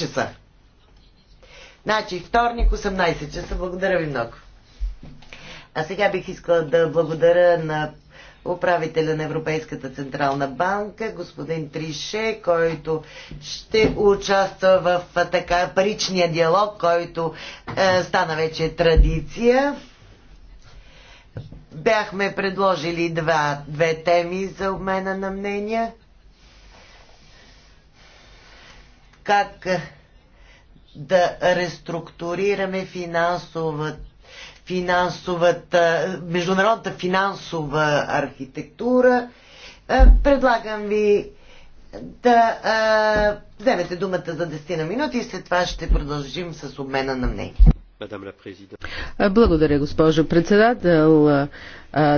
часа. Значи, вторник, 18 часа. Благодаря ви много. А сега бих искала да благодаря на управителя на Европейската Централна банка, господин Трише, който ще участва в така паричния диалог, който е, стана вече традиция. Бяхме предложили два, две теми за обмена на мнения. как е, да реструктурираме финансовата финансовата, международната финансова архитектура. Е, предлагам ви да а, е, вземете думата за 10 на минути и след това ще продължим с обмена на мнение. Благодаря, госпожо председател.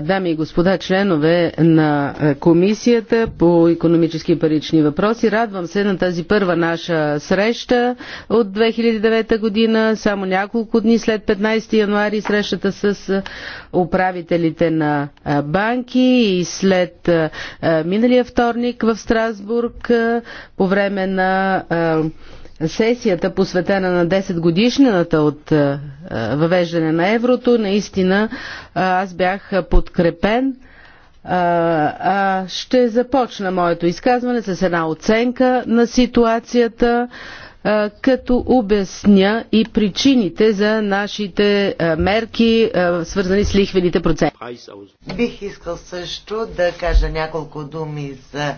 Дами и господа, членове на Комисията по економически и парични въпроси, радвам се на тази първа наша среща от 2009 година, само няколко дни след 15 януари, срещата с управителите на банки и след миналия вторник в Страсбург по време на сесията, посветена на 10 годишнината от е, е, въвеждане на еврото, наистина е, аз бях подкрепен. Ще започна моето изказване с една оценка на ситуацията, като обясня и причините за нашите мерки, свързани с лихвените проценти. Бих искал също да кажа няколко думи за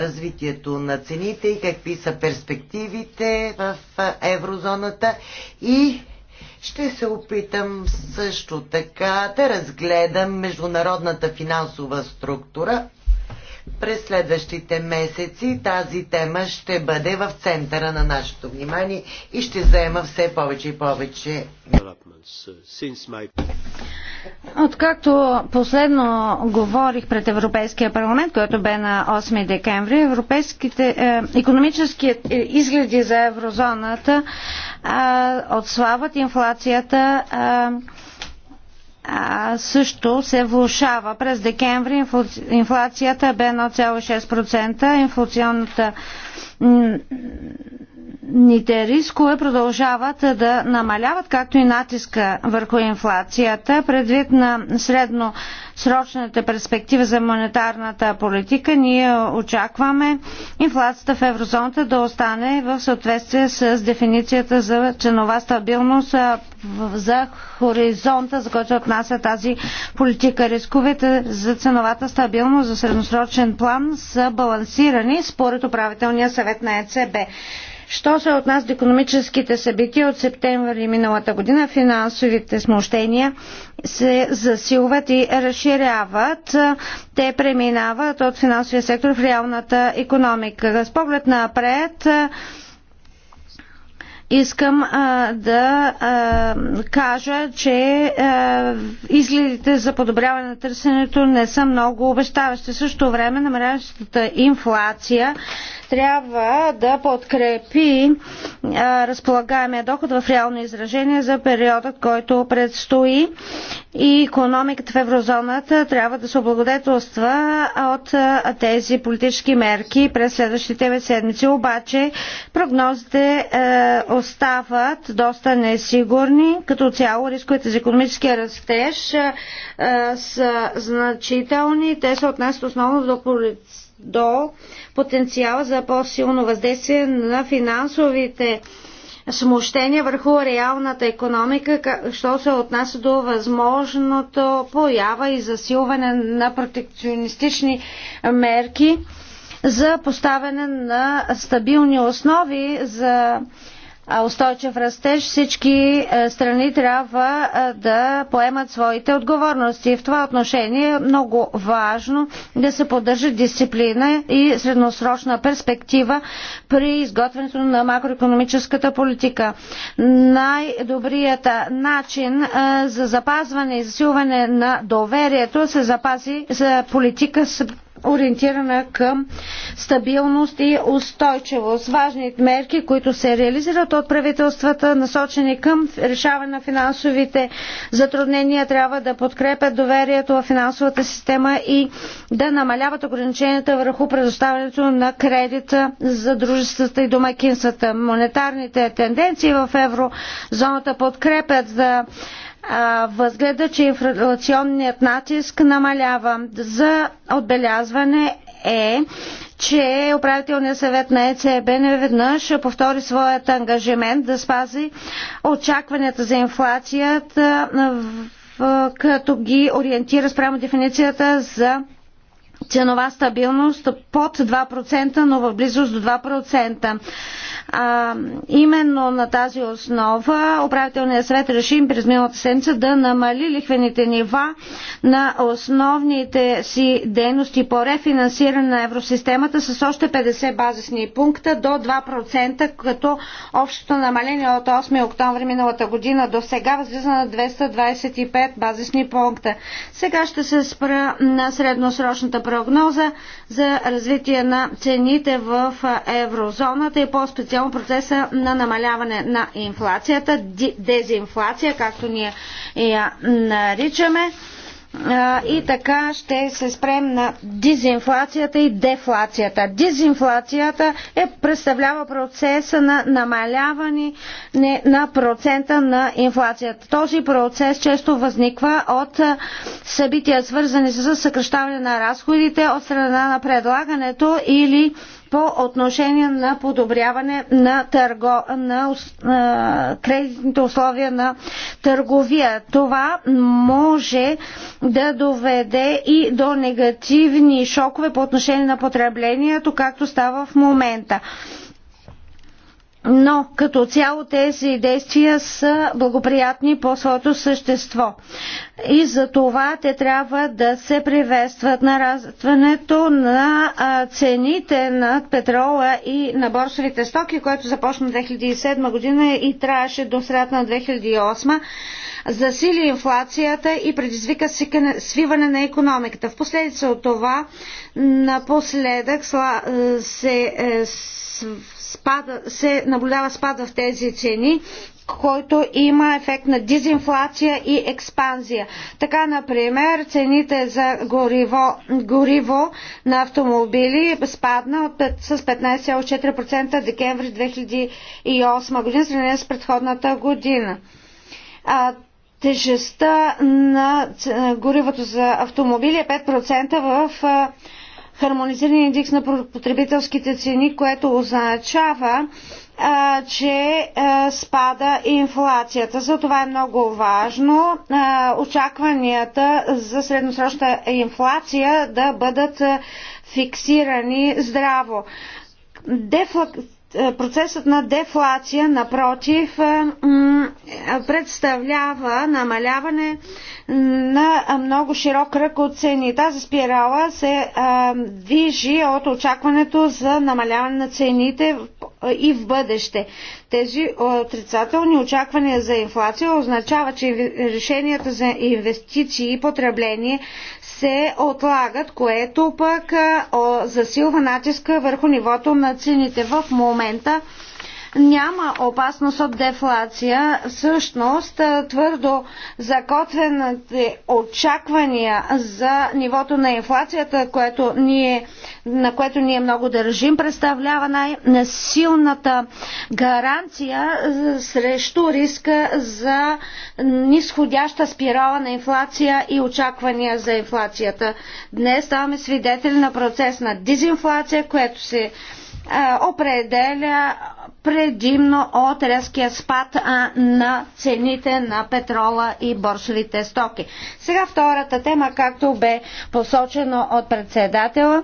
развитието на цените и какви са перспективите в еврозоната и ще се опитам също така да разгледам международната финансова структура. През следващите месеци тази тема ще бъде в центъра на нашето внимание и ще заема все повече и повече. Откакто последно говорих пред Европейския парламент, който бе на 8 декември, европейските е, економическият е, изгледи за еврозоната е, отслабват инфлацията. Е, също се влушава. През декември инфлацията бе 1,6%, инфлационната ните рискове продължават да намаляват, както и натиска върху инфлацията. Предвид на средносрочната перспектива за монетарната политика, ние очакваме инфлацията в еврозоната да остане в съответствие с дефиницията за ценова стабилност за хоризонта, за който отнася тази политика. Рисковете за ценовата стабилност за средносрочен план са балансирани според управителния съвет на ЕЦБ. Що се от нас до економическите събития от септември миналата година, финансовите смущения се засилват и разширяват. Те преминават от финансовия сектор в реалната економика. С поглед напред, искам а, да а, кажа, че а, изгледите за подобряване на търсенето не са много обещаващи. Също време намаляващата инфлация трябва да подкрепи а, разполагаемия доход в реално изражение за периода, който предстои и економиката в еврозоната трябва да се облагодетелства от а, тези политически мерки през следващите седмици. Обаче прогнозите а, остават доста несигурни. Като цяло рисковете за економическия растеж са значителни. Те се отнасят основно до полицията до потенциал за по-силно въздействие на финансовите смущения върху реалната економика, що се отнася до възможното поява и засилване на протекционистични мерки за поставяне на стабилни основи за устойчив растеж, всички страни трябва да поемат своите отговорности. В това отношение е много важно да се поддържа дисциплина и средносрочна перспектива при изготвянето на макроекономическата политика. Най-добрият начин за запазване и засилване на доверието се запази за политика с ориентирана към стабилност и устойчивост. Важни мерки, които се реализират от правителствата, насочени към решаване на финансовите затруднения, трябва да подкрепят доверието в финансовата система и да намаляват ограниченията върху предоставянето на кредита за дружествата и домакинствата. Монетарните тенденции в еврозоната подкрепят за да възгледа, че инфлационният натиск намалява. За отбелязване е, че управителният съвет на ЕЦБ не веднъж повтори своят ангажимент да спази очакванията за инфлацията, като ги ориентира спрямо дефиницията за ценова стабилност под 2%, но в близост до 2%. А, именно на тази основа управителният съвет реши през миналата седмица да намали лихвените нива на основните си дейности по рефинансиране на евросистемата с още 50 базисни пункта до 2%, като общото намаление от 8 октомври миналата година до сега възлиза на 225 базисни пункта. Сега ще се спра на средносрочната прогноза за развитие на цените в еврозоната и по-специално процеса на намаляване на инфлацията, дезинфлация, както ние я наричаме и така ще се спрем на дезинфлацията и дефлацията. Дезинфлацията е, представлява процеса на намаляване на процента на инфлацията. Този процес често възниква от събития свързани с съкръщаване на разходите от страна на предлагането или по отношение на подобряване на, търго, на е, кредитните условия на търговия. Това може да доведе и до негативни шокове по отношение на потреблението, както става в момента но като цяло тези действия са благоприятни по своето същество. И за това те трябва да се приветстват нарастването на цените на петрола и на борсовите стоки, което започна 2007 година и трябваше до средата на 2008 засили инфлацията и предизвика свиване на економиката. В последица от това напоследък се е, спада, се наблюдава спада в тези цени, който има ефект на дезинфлация и експанзия. Така, например, цените за гориво, гориво на автомобили спадна с 15,4% декември 2008 година, сравнение с предходната година. А, тежестта на горивото за автомобили е 5% в хармонизирания индекс на потребителските цени, което означава, а, че а, спада инфлацията. За това е много важно а, очакванията за средносрочна инфлация да бъдат а, фиксирани здраво. Дефлак... Е, процесът на дефлация, напротив, е, представлява намаляване на много широк кръг от цени. Тази спирала се е, движи от очакването за намаляване на цените и в бъдеще. Тези отрицателни очаквания за инфлация означава, че решенията за инвестиции и потребление се отлагат, което пък засилва натиска върху нивото на цените. В момента няма опасност от дефлация. Всъщност, твърдо закотвените очаквания за нивото на инфлацията, което ние на което ние много държим, представлява най-силната гаранция срещу риска за нисходяща спирала на инфлация и очаквания за инфлацията. Днес ставаме свидетели на процес на дизинфлация, което се определя предимно от резкия спад на цените на петрола и борсовите стоки. Сега втората тема, както бе посочено от председателя,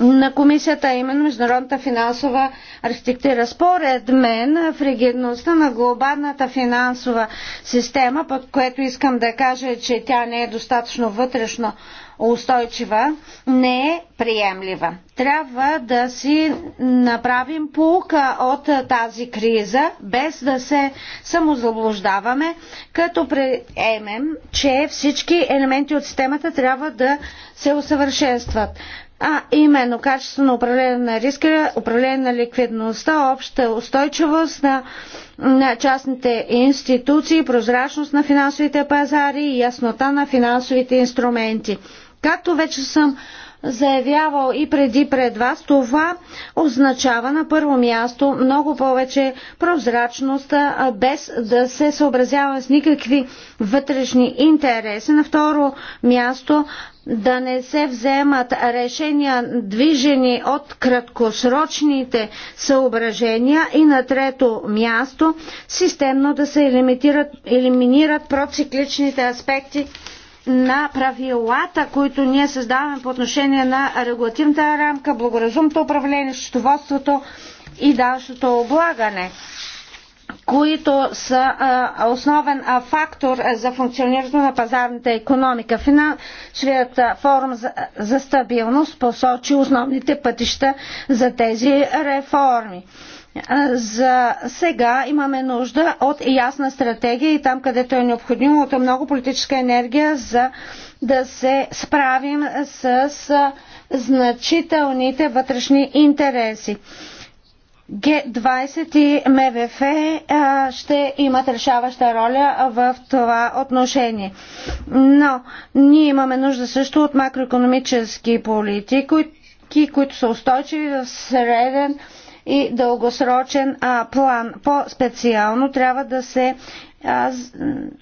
на комисията, именно международната финансова архитектура. Според мен, в ригидността на глобалната финансова система, под което искам да кажа, че тя не е достатъчно вътрешно устойчива, не е приемлива. Трябва да си направим полука от тази криза, без да се самозаблуждаваме, като приемем, че всички елементи от системата трябва да се усъвършенстват а именно качество на управление на риска, управление на ликвидността, обща устойчивост на, на частните институции, прозрачност на финансовите пазари и яснота на финансовите инструменти. Както вече съм заявявал и преди пред вас, това означава на първо място много повече прозрачност, без да се съобразява с никакви вътрешни интереси. На второ място да не се вземат решения движени от краткосрочните съображения и на трето място системно да се елиминират, елиминират процикличните аспекти на правилата, които ние създаваме по отношение на регулативната рамка, благоразумното управление, счетоводството и данъчното облагане които са основен фактор за функционирането на пазарната економика. Финансовият форум за стабилност посочи основните пътища за тези реформи. За сега имаме нужда от ясна стратегия и там, където е необходимо, от много политическа енергия, за да се справим с значителните вътрешни интереси. Г20 и МВФ ще имат решаваща роля в това отношение. Но ние имаме нужда също от макроекономически политики, които са устойчиви в среден и дългосрочен план. По-специално трябва да се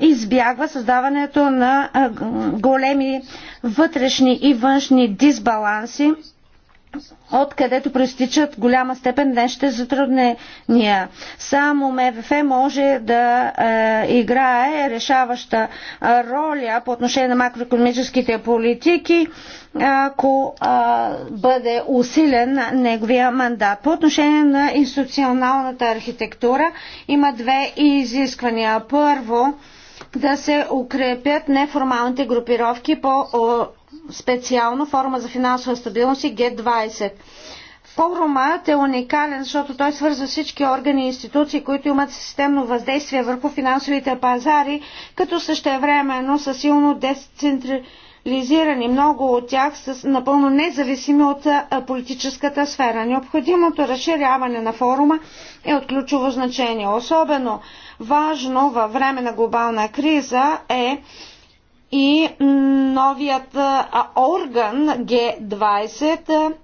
избягва създаването на големи вътрешни и външни дисбаланси откъдето проистичат голяма степен днешните затруднения. Само МВФ може да е, играе решаваща роля по отношение на макроекономическите политики, ако е, бъде усилен неговия мандат. По отношение на институционалната архитектура има две изисквания. Първо, да се укрепят неформалните групировки по специално форума за финансова стабилност и Г20. Форумът е уникален, защото той свързва всички органи и институции, които имат системно въздействие върху финансовите пазари, като същевременно са силно децентрализирани. Много от тях са напълно независими от политическата сфера. Необходимото разширяване на форума е от ключово значение. Особено важно във време на глобална криза е и новият орган Г20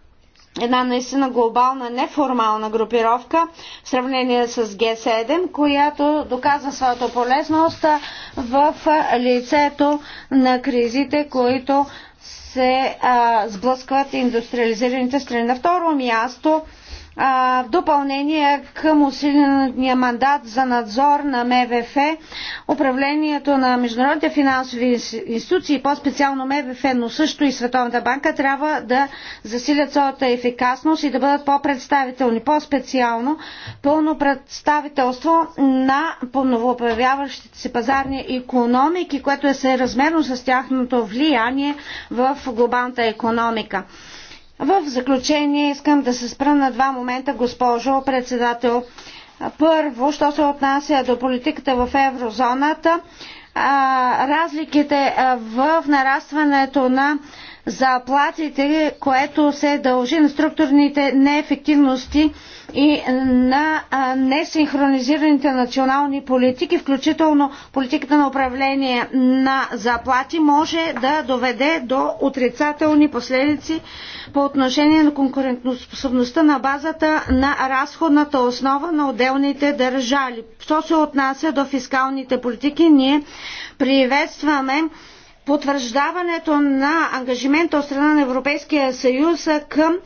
една наистина глобална неформална групировка в сравнение с Г7, която доказва своята полезност в лицето на кризите, които се а, сблъскват индустриализираните страни. На второ място в допълнение към усиления мандат за надзор на МВФ, управлението на международните финансови институции, по-специално МВФ, но също и Световната банка, трябва да засилят своята ефикасност и да бъдат по-представителни, по-специално пълно представителство на новообявяващите се пазарни економики, което е съразмерно с тяхното влияние в глобалната економика. В заключение искам да се спра на два момента, госпожо председател. Първо, що се отнася до политиката в еврозоната, разликите в нарастването на заплатите, което се дължи на структурните неефективности и на несинхронизираните национални политики, включително политиката на управление на заплати, може да доведе до отрицателни последици по отношение на конкурентоспособността на базата на разходната основа на отделните държави. Що се отнася до фискалните политики, ние приветстваме потвърждаването на ангажимента от страна на Европейския съюз към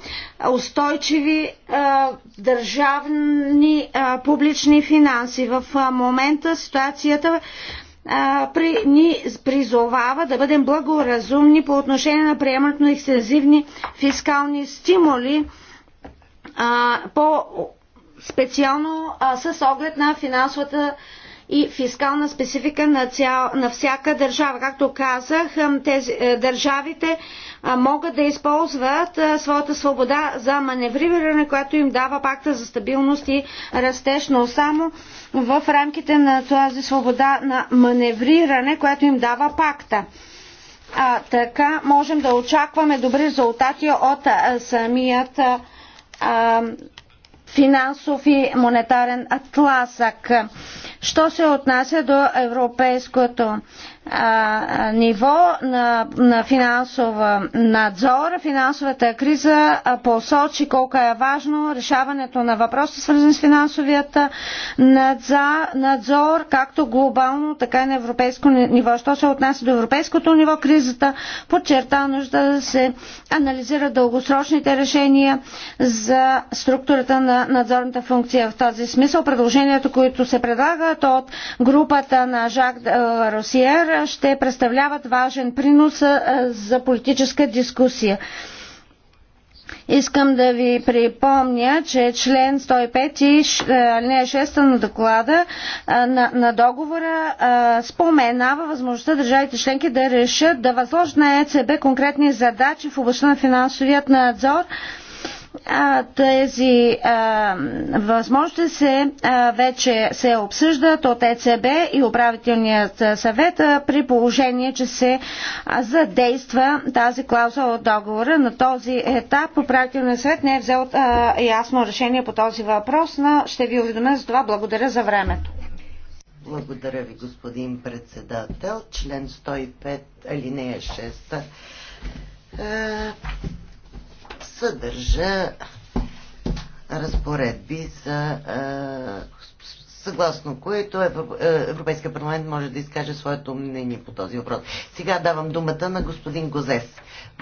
устойчиви а, е, държавни а, е, публични финанси. В а, е, момента ситуацията при, ни призовава да бъдем благоразумни по отношение на приемането на екстензивни фискални стимули по специално а, с оглед на финансовата и фискална специфика на, цял, на всяка държава. Както казах, тези, е, държавите могат да използват своята свобода за маневриране, което им дава пакта за стабилност и растеж, но само в рамките на тази свобода на маневриране, която им дава пакта. А, така можем да очакваме добри резултати от а, самият а, финансов и монетарен тласък. Що се отнася до европейското ниво на, на финансова надзор. Финансовата криза посочи колко е важно решаването на въпроси, свързани с финансовият надзор, както глобално, така и на европейско ниво. Що се отнася до европейското ниво, кризата подчерта нужда да се анализира дългосрочните решения за структурата на надзорната функция. В този смисъл предложението, което се предлагат от групата на Жак Росиер, ще представляват важен принос за политическа дискусия. Искам да ви припомня, че член 105 алинея 6 на доклада на, на договора споменава възможността държавите членки да решат да възложат на ЕЦБ конкретни задачи в областта на финансовият надзор тези възможности се, вече се обсъждат от ЕЦБ и управителният съвет при положение, че се задейства тази клауза от договора. На този етап управителният съвет не е взел ясно решение по този въпрос, но ще ви уведомя за това. Благодаря за времето. Благодаря ви, господин председател. Член 105, алинея 6 съдържа разпоредби за съгласно което Европейския парламент може да изкаже своето мнение по този въпрос. Сега давам думата на господин Гозес.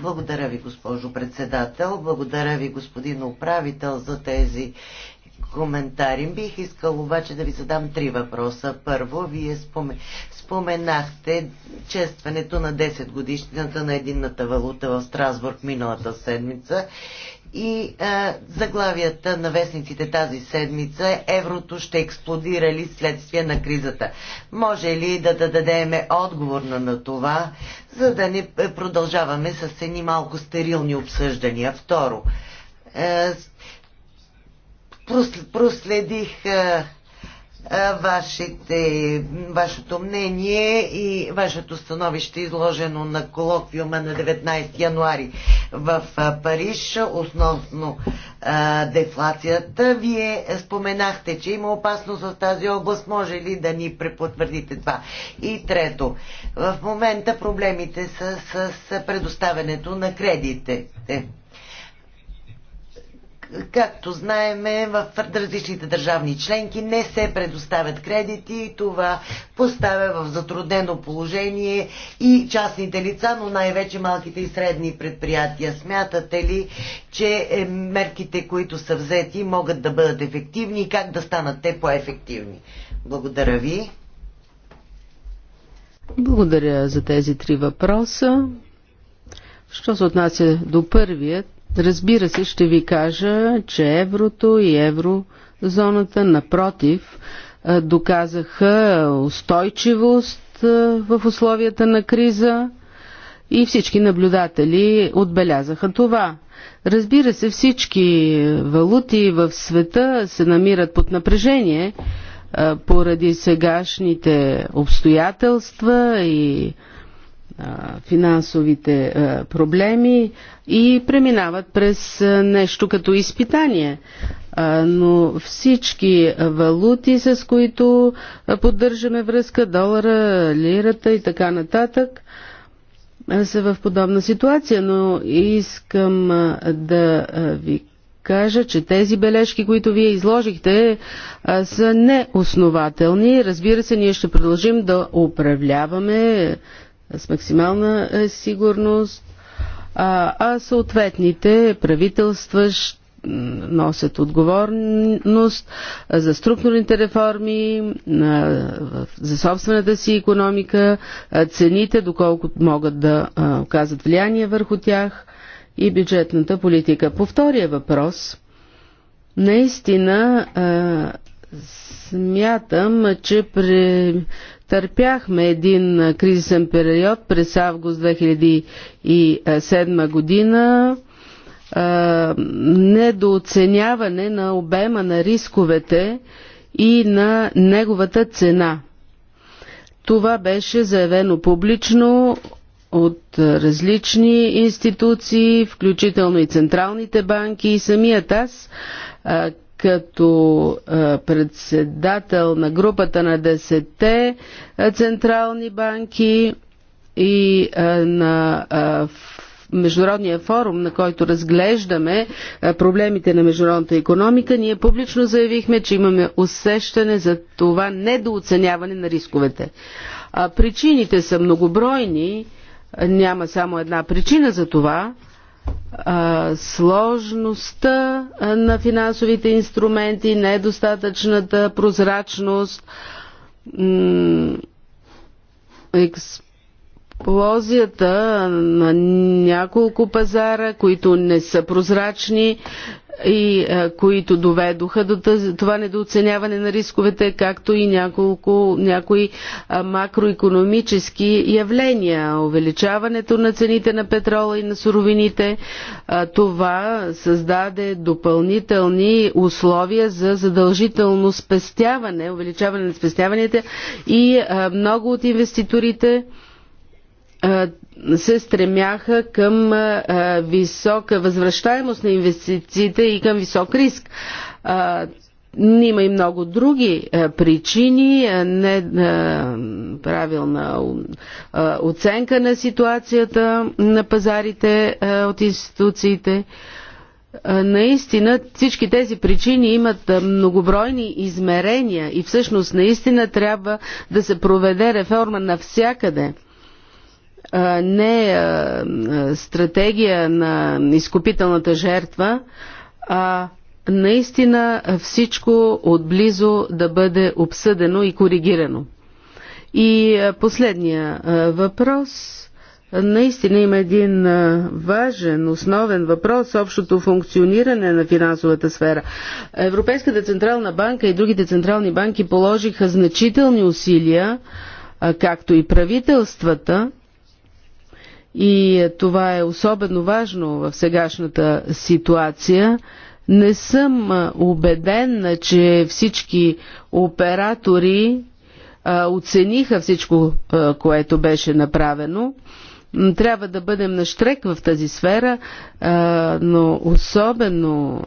Благодаря ви, госпожо председател. Благодаря ви, господин управител, за тези коментари. Бих искал обаче да ви задам три въпроса. Първо, вие споменахте честването на 10 годишната на единната валута в Страсбург миналата седмица и а, заглавията на вестниците тази седмица е еврото ще експлодира ли следствие на кризата. Може ли да, да дадем отговор на, на това, за да не е, продължаваме с едни малко стерилни обсъждания? Второ, е, проследих вашите, вашето мнение и вашето становище, изложено на колоквиума на 19 януари в Париж, основно а, дефлацията. Вие споменахте, че има опасност в тази област. Може ли да ни препотвърдите това? И трето, в момента проблемите са с предоставянето на кредитите. Както знаеме, в различните държавни членки не се предоставят кредити и това поставя в затруднено положение и частните лица, но най-вече малките и средни предприятия. Смятате ли, че е, мерките, които са взети, могат да бъдат ефективни и как да станат те по-ефективни? Благодаря ви. Благодаря за тези три въпроса. Що се отнася до първият, Разбира се, ще ви кажа, че еврото и еврозоната, напротив, доказаха устойчивост в условията на криза и всички наблюдатели отбелязаха това. Разбира се, всички валути в света се намират под напрежение поради сегашните обстоятелства и финансовите проблеми и преминават през нещо като изпитание. Но всички валути, с които поддържаме връзка, долара, лирата и така нататък, са в подобна ситуация, но искам да ви кажа, че тези бележки, които вие изложихте, са неоснователни. Разбира се, ние ще продължим да управляваме с максимална е, сигурност, а, а съответните правителстващ носят отговорност за структурните реформи, за собствената си економика, цените, доколко могат да оказат влияние върху тях и бюджетната политика. По втория въпрос, наистина смятам, че Търпяхме един кризисен период през август 2007 година, недооценяване на обема на рисковете и на неговата цена. Това беше заявено публично от различни институции, включително и централните банки и самият аз като е, председател на групата на 10 е, централни банки и е, на Международния форум, на който разглеждаме проблемите на международната економика, ние публично заявихме, че имаме усещане за това недооценяване на рисковете. Причините са многобройни, няма само една причина за това, сложността на финансовите инструменти, недостатъчната прозрачност, експлозията на няколко пазара, които не са прозрачни, и а, е, които доведоха до тази, това недооценяване на рисковете, както и няколко, някои а, е, макроекономически явления. Увеличаването на цените на петрола и на суровините, а, е, това създаде допълнителни условия за задължително спестяване, увеличаване на спестяванията и а, много от инвеститорите се стремяха към висока възвръщаемост на инвестициите и към висок риск. Има и много други причини, не правилна оценка на ситуацията на пазарите от институциите. Наистина всички тези причини имат многобройни измерения и всъщност наистина трябва да се проведе реформа навсякъде – не стратегия на изкупителната жертва, а наистина всичко отблизо да бъде обсъдено и коригирано. И последния въпрос. Наистина има един важен, основен въпрос общото функциониране на финансовата сфера. Европейската централна банка и другите централни банки положиха значителни усилия, както и правителствата, и е, това е особено важно в сегашната ситуация, не съм е, убеден, че всички оператори е, оцениха всичко, което беше направено. Трябва да бъдем на штрек в тази сфера, но особено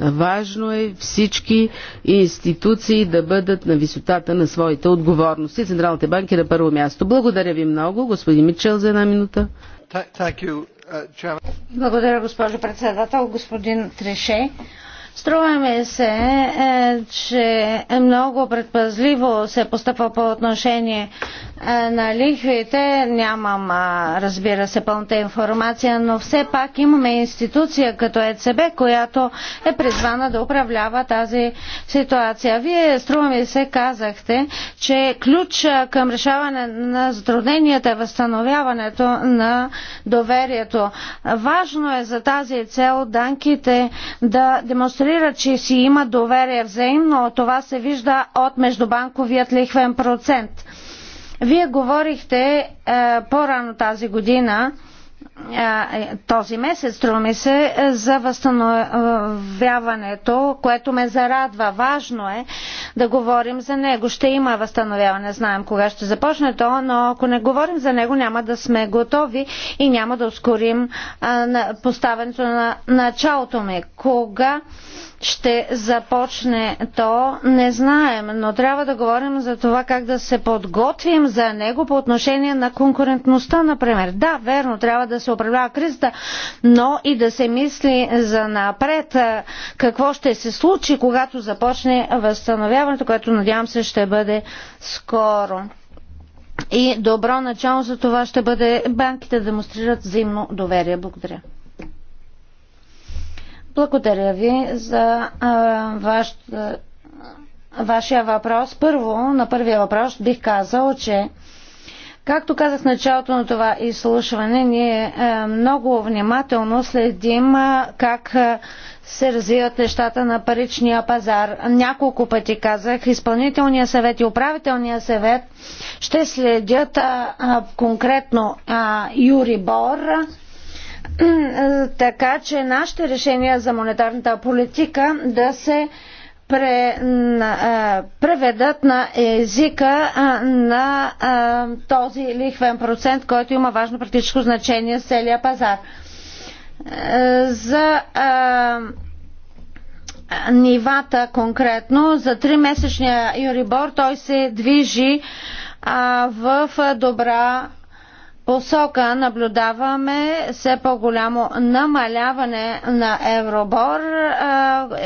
важно е всички институции да бъдат на висотата на своите отговорности. Централните банки на първо място. Благодаря ви много, господин Мичел, за една минута. Uh, Благодаря, госпожо председател, господин Треше. Струва ми се, е, че много предпазливо се постъпва по отношение е, на лихвите. Нямам, разбира се, пълната информация, но все пак имаме институция като ЕЦБ, която е призвана да управлява тази ситуация. Вие, струва ми се, казахте, че ключ към решаване на затрудненията е възстановяването на доверието. Важно е за тази цел данките да демонстрират демонстрира, че си има доверие взаимно, това се вижда от междубанковият лихвен процент. Вие говорихте е, по-рано тази година е, този месец, струва ми се, е, за възстановяването, което ме зарадва. Важно е да говорим за него. Ще има възстановяване, знаем кога ще започне то, но ако не говорим за него, няма да сме готови и няма да ускорим поставенето на началото ми. Кога ще започне то, не знаем, но трябва да говорим за това как да се подготвим за него по отношение на конкурентността, например. Да, верно, трябва да се управлява кризата, но и да се мисли за напред какво ще се случи, когато започне възстановяването, което надявам се ще бъде скоро. И добро начало за това ще бъде банките да демонстрират взаимно доверие. Благодаря. Благодаря ви за а, ваш, а, вашия въпрос. Първо, на първия въпрос бих казал, че Както казах в началото на това изслушване, ние много внимателно следим как се развиват нещата на паричния пазар. Няколко пъти казах, изпълнителния съвет и управителния съвет ще следят конкретно Юри Бор. Е, така че нашите решения за монетарната политика да се е, преведат на езика на е, този лихвен процент, който има важно практическо значение с целия пазар. За нивата конкретно, за 3-месечния юрибор той се движи в добра посока наблюдаваме все по-голямо намаляване на Евробор.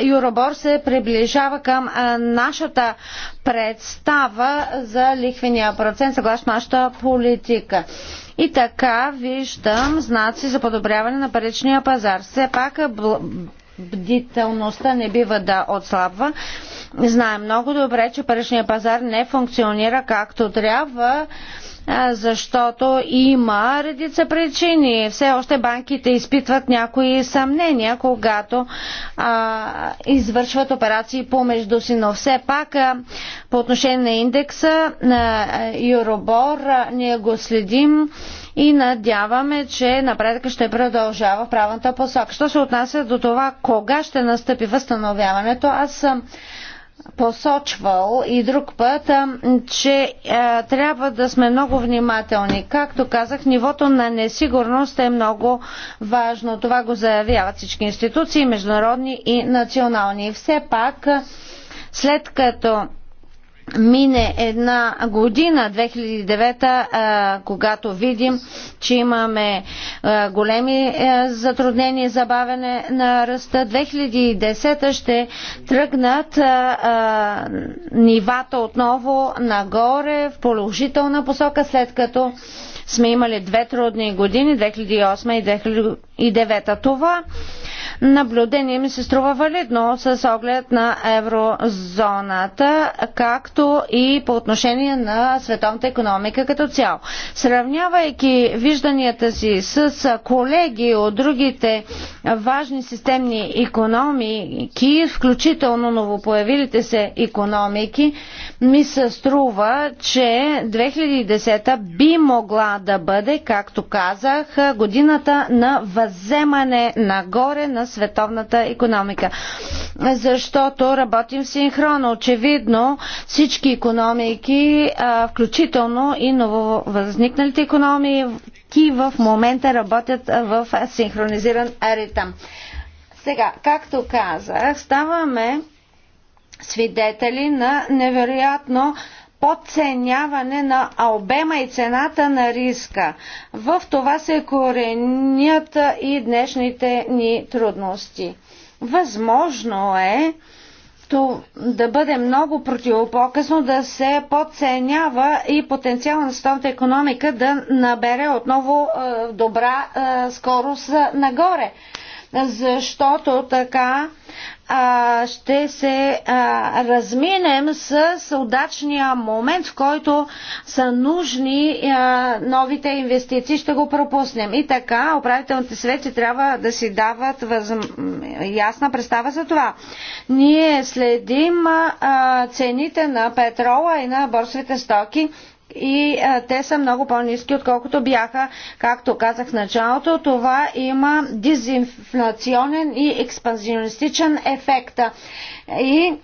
Юробор се приближава към нашата представа за лихвения процент съгласно нашата политика. И така виждам знаци за подобряване на паричния пазар. Все пак бдителността не бива да отслабва. Знаем много добре, че паричния пазар не функционира както трябва защото има редица причини. Все още банките изпитват някои съмнения, когато а, извършват операции помежду си, но все пак а, по отношение на индекса на Юробор ние го следим и надяваме, че напредъка ще продължава в правната посока. Що се отнася до това, кога ще настъпи възстановяването, аз съм посочвал и друг път, че трябва да сме много внимателни. Както казах, нивото на несигурност е много важно. Това го заявяват всички институции, международни и национални. И все пак, след като мине една година, 2009, когато видим, че имаме големи е, затруднения и забавяне на ръста, 2010 ще тръгнат нивата отново нагоре в положителна посока, след като сме имали две трудни години, 2008 и 2009. Това наблюдение ми се струва валидно с оглед на еврозоната, както и по отношение на световната економика като цяло. Сравнявайки вижданията си с колеги от другите важни системни економики, включително новопоявилите се економики, ми се струва, че 2010 би могла да бъде, както казах, годината на възможността вземане нагоре на световната економика. Защото работим синхронно. Очевидно всички економики, включително и нововъзникналите економики в момента работят в синхронизиран ритъм. Сега, както казах, ставаме свидетели на невероятно подценяване на обема и цената на риска. В това се коренят и днешните ни трудности. Възможно е то да бъде много противопоказно да се подценява и потенциал на световната економика да набере отново е, добра е, скорост нагоре защото така а, ще се а, разминем с удачния момент, в който са нужни а, новите инвестиции, ще го пропуснем. И така, управителните свети трябва да си дават въз... ясна представа за това. Ние следим а, цените на петрола и на борсовите стоки и а, те са много по-низки, отколкото бяха, както казах в началото. Това има дезинфлационен и експанзионистичен ефект. И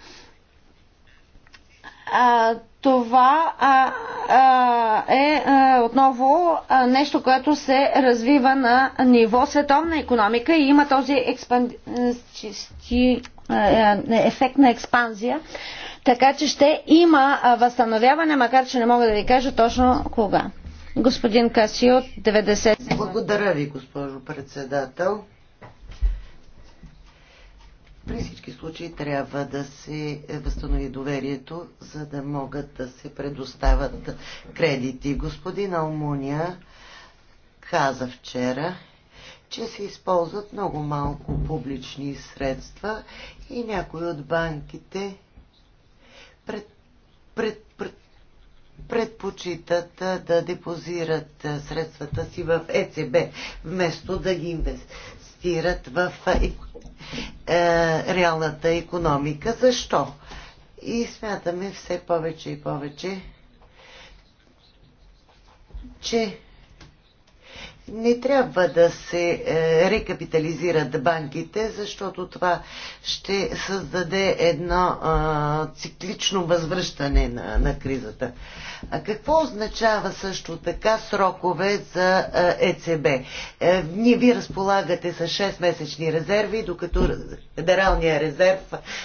а, това а, а, е а, отново а, нещо, което се развива на ниво световна економика и има този експан... Е, ефект на експанзия. Така че ще има възстановяване, макар че не мога да ви кажа точно кога. Господин Касио, 90. Благодаря ви, госпожо председател. При всички случаи трябва да се възстанови доверието, за да могат да се предоставят кредити. Господин Алмуния каза вчера, че се използват много малко публични средства и някои от банките пред, пред, пред, предпочитат да депозират средствата си в ЕЦБ, вместо да ги инвестират в е, е, реалната економика. Защо? И смятаме все повече и повече, че не трябва да се е, рекапитализират банките, защото това ще създаде едно циклично възвръщане на, на кризата. А какво означава също така срокове за ЕЦБ? Е, ние ви разполагате с 6-месечни резерви, докато Федералния резерв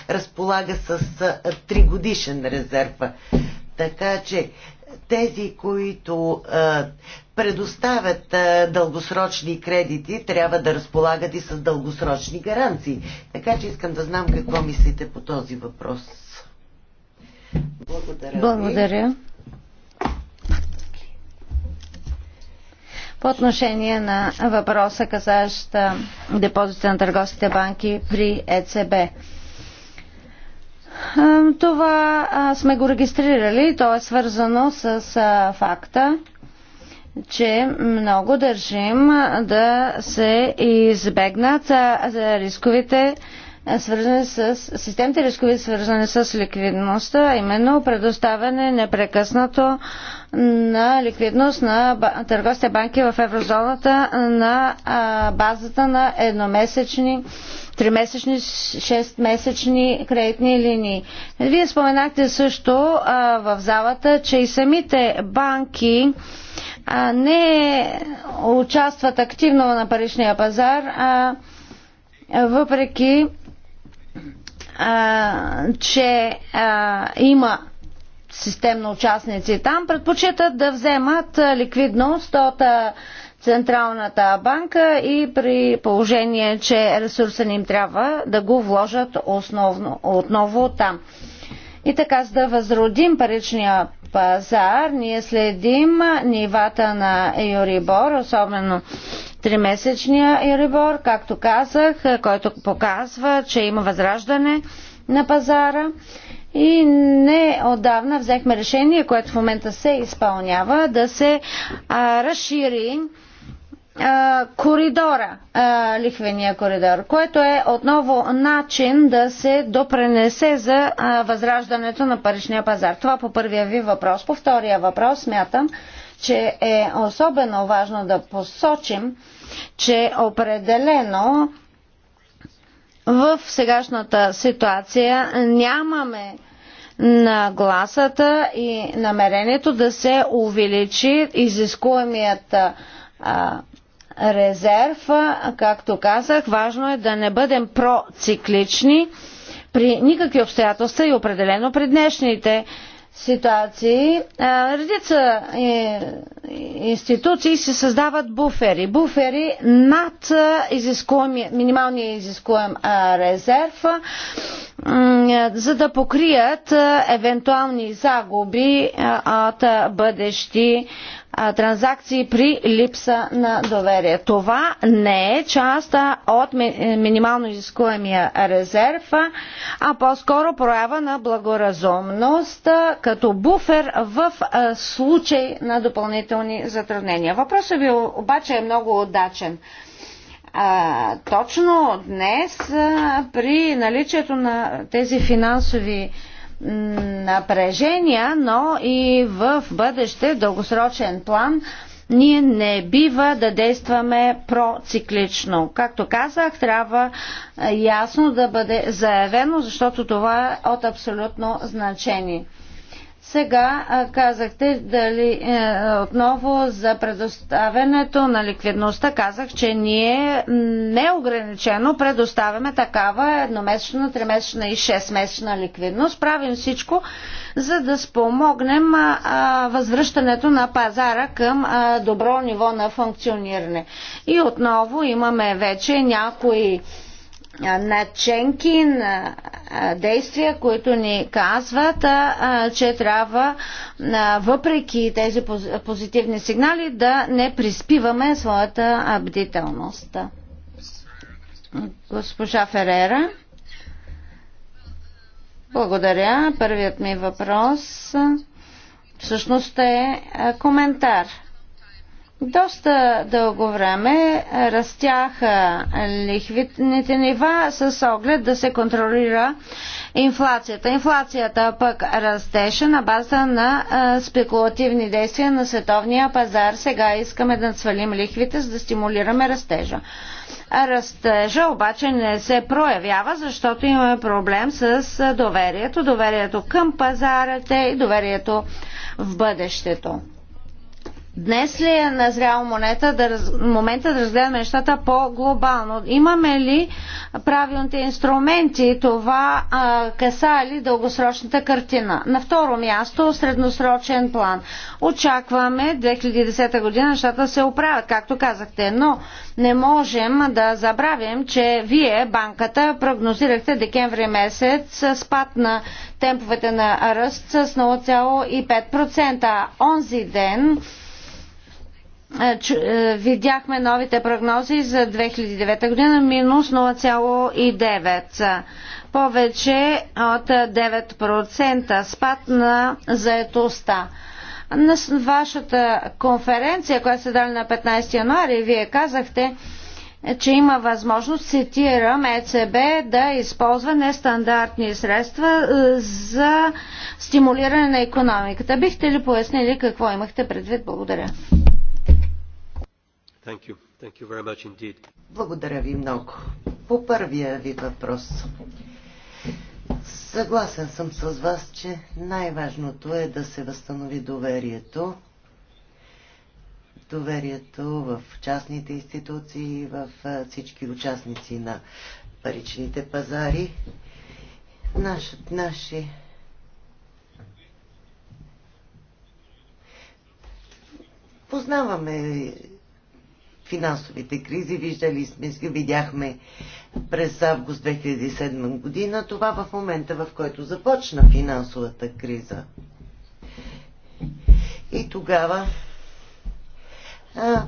разполага с 3-годишен резерв. Така че тези, които а, предоставят а, дългосрочни кредити, трябва да разполагат и с дългосрочни гаранции. Така че искам да знам какво мислите по този въпрос. Благодаря. Благодаря. По отношение на въпроса, касащ депозита на търговските банки при ЕЦБ. Е, това сме го регистрирали. То е свързано с факта, че много държим да се избегнат рисковите свързани с системите рискови, свързани с ликвидността, а именно предоставяне непрекъснато на ликвидност на търговските банки в еврозоната на базата на едномесечни тримесечни, шестмесечни кредитни линии. Вие споменахте също в залата, че и самите банки не участват активно на паричния пазар, а, въпреки а, че а, има системно участници там, предпочитат да вземат ликвидност от Централната банка и при положение, че ресурса им трябва да го вложат основно, отново там. И така, за да възродим паричния пазар. Ние следим нивата на Юрибор, особено тримесечния Юрибор, както казах, който показва, че има възраждане на пазара. И не отдавна взехме решение, което в момента се изпълнява, да се а, разшири коридора, лихвения коридор, което е отново начин да се допренесе за възраждането на паричния пазар. Това по първия ви въпрос. По втория въпрос смятам, че е особено важно да посочим, че определено в сегашната ситуация нямаме на гласата и намерението да се увеличи изискуемият а, резерв. Както казах, важно е да не бъдем проциклични при никакви обстоятелства и определено при днешните ситуации. Редица е, институции се създават буфери. Буфери над минималния изискуем резерв, за да покрият евентуални загуби от бъдещи транзакции при липса на доверие. Това не е част от е, минимално изискуемия резерв, а по-скоро проява на благоразумност като буфер в случай на допълнителни затруднения. Въпросът ви обаче е много удачен. точно днес при наличието на тези финансови напрежения, но и в бъдеще, дългосрочен план, ние не бива да действаме проциклично. Както казах, трябва е, ясно да бъде заявено, защото това е от абсолютно значение. Сега казахте дали е, отново за предоставянето на ликвидността казах, че ние неограничено предоставяме такава едномесечна, тримесечна и шестмесечна ликвидност. Правим всичко, за да спомогнем възвръщането на пазара към добро ниво на функциониране. И отново имаме вече някои наченки на действия, които ни казват, че трябва въпреки тези позитивни сигнали да не приспиваме своята бдителност. Госпожа Ферера. Благодаря. Първият ми въпрос всъщност е коментар доста дълго време растяха лихвитните нива с оглед да се контролира инфлацията. Инфлацията пък растеше на база на спекулативни действия на световния пазар. Сега искаме да свалим лихвите, за да стимулираме растежа. Растежа обаче не се проявява, защото имаме проблем с доверието, доверието към пазарите и доверието в бъдещето. Днес ли е назрял монета да раз... момента да разгледаме нещата по-глобално? Имаме ли правилните инструменти? Това а, каса ли дългосрочната картина? На второ място, средносрочен план. Очакваме 2010 година нещата се оправят, както казахте, но не можем да забравим, че вие, банката, прогнозирахте декември месец спад на темповете на ръст с 0,5%. Онзи ден е, е, видяхме новите прогнози за 2009 година минус 0,9 повече от 9% спад на заетостта. На вашата конференция, която се дали на 15 януари, вие казахте, че има възможност, цитирам, ЕЦБ да използва нестандартни средства е, за стимулиране на економиката. Бихте ли пояснили какво имахте предвид? Благодаря. Thank you. Thank you very much Благодаря ви много. По първия ви въпрос. Съгласен съм с вас, че най-важното е да се възстанови доверието. Доверието в частните институции, в всички участници на паричните пазари. Нашът, наши Познаваме финансовите кризи. Виждали сме, видяхме през август 2007 година. Това в момента, в който започна финансовата криза. И тогава а,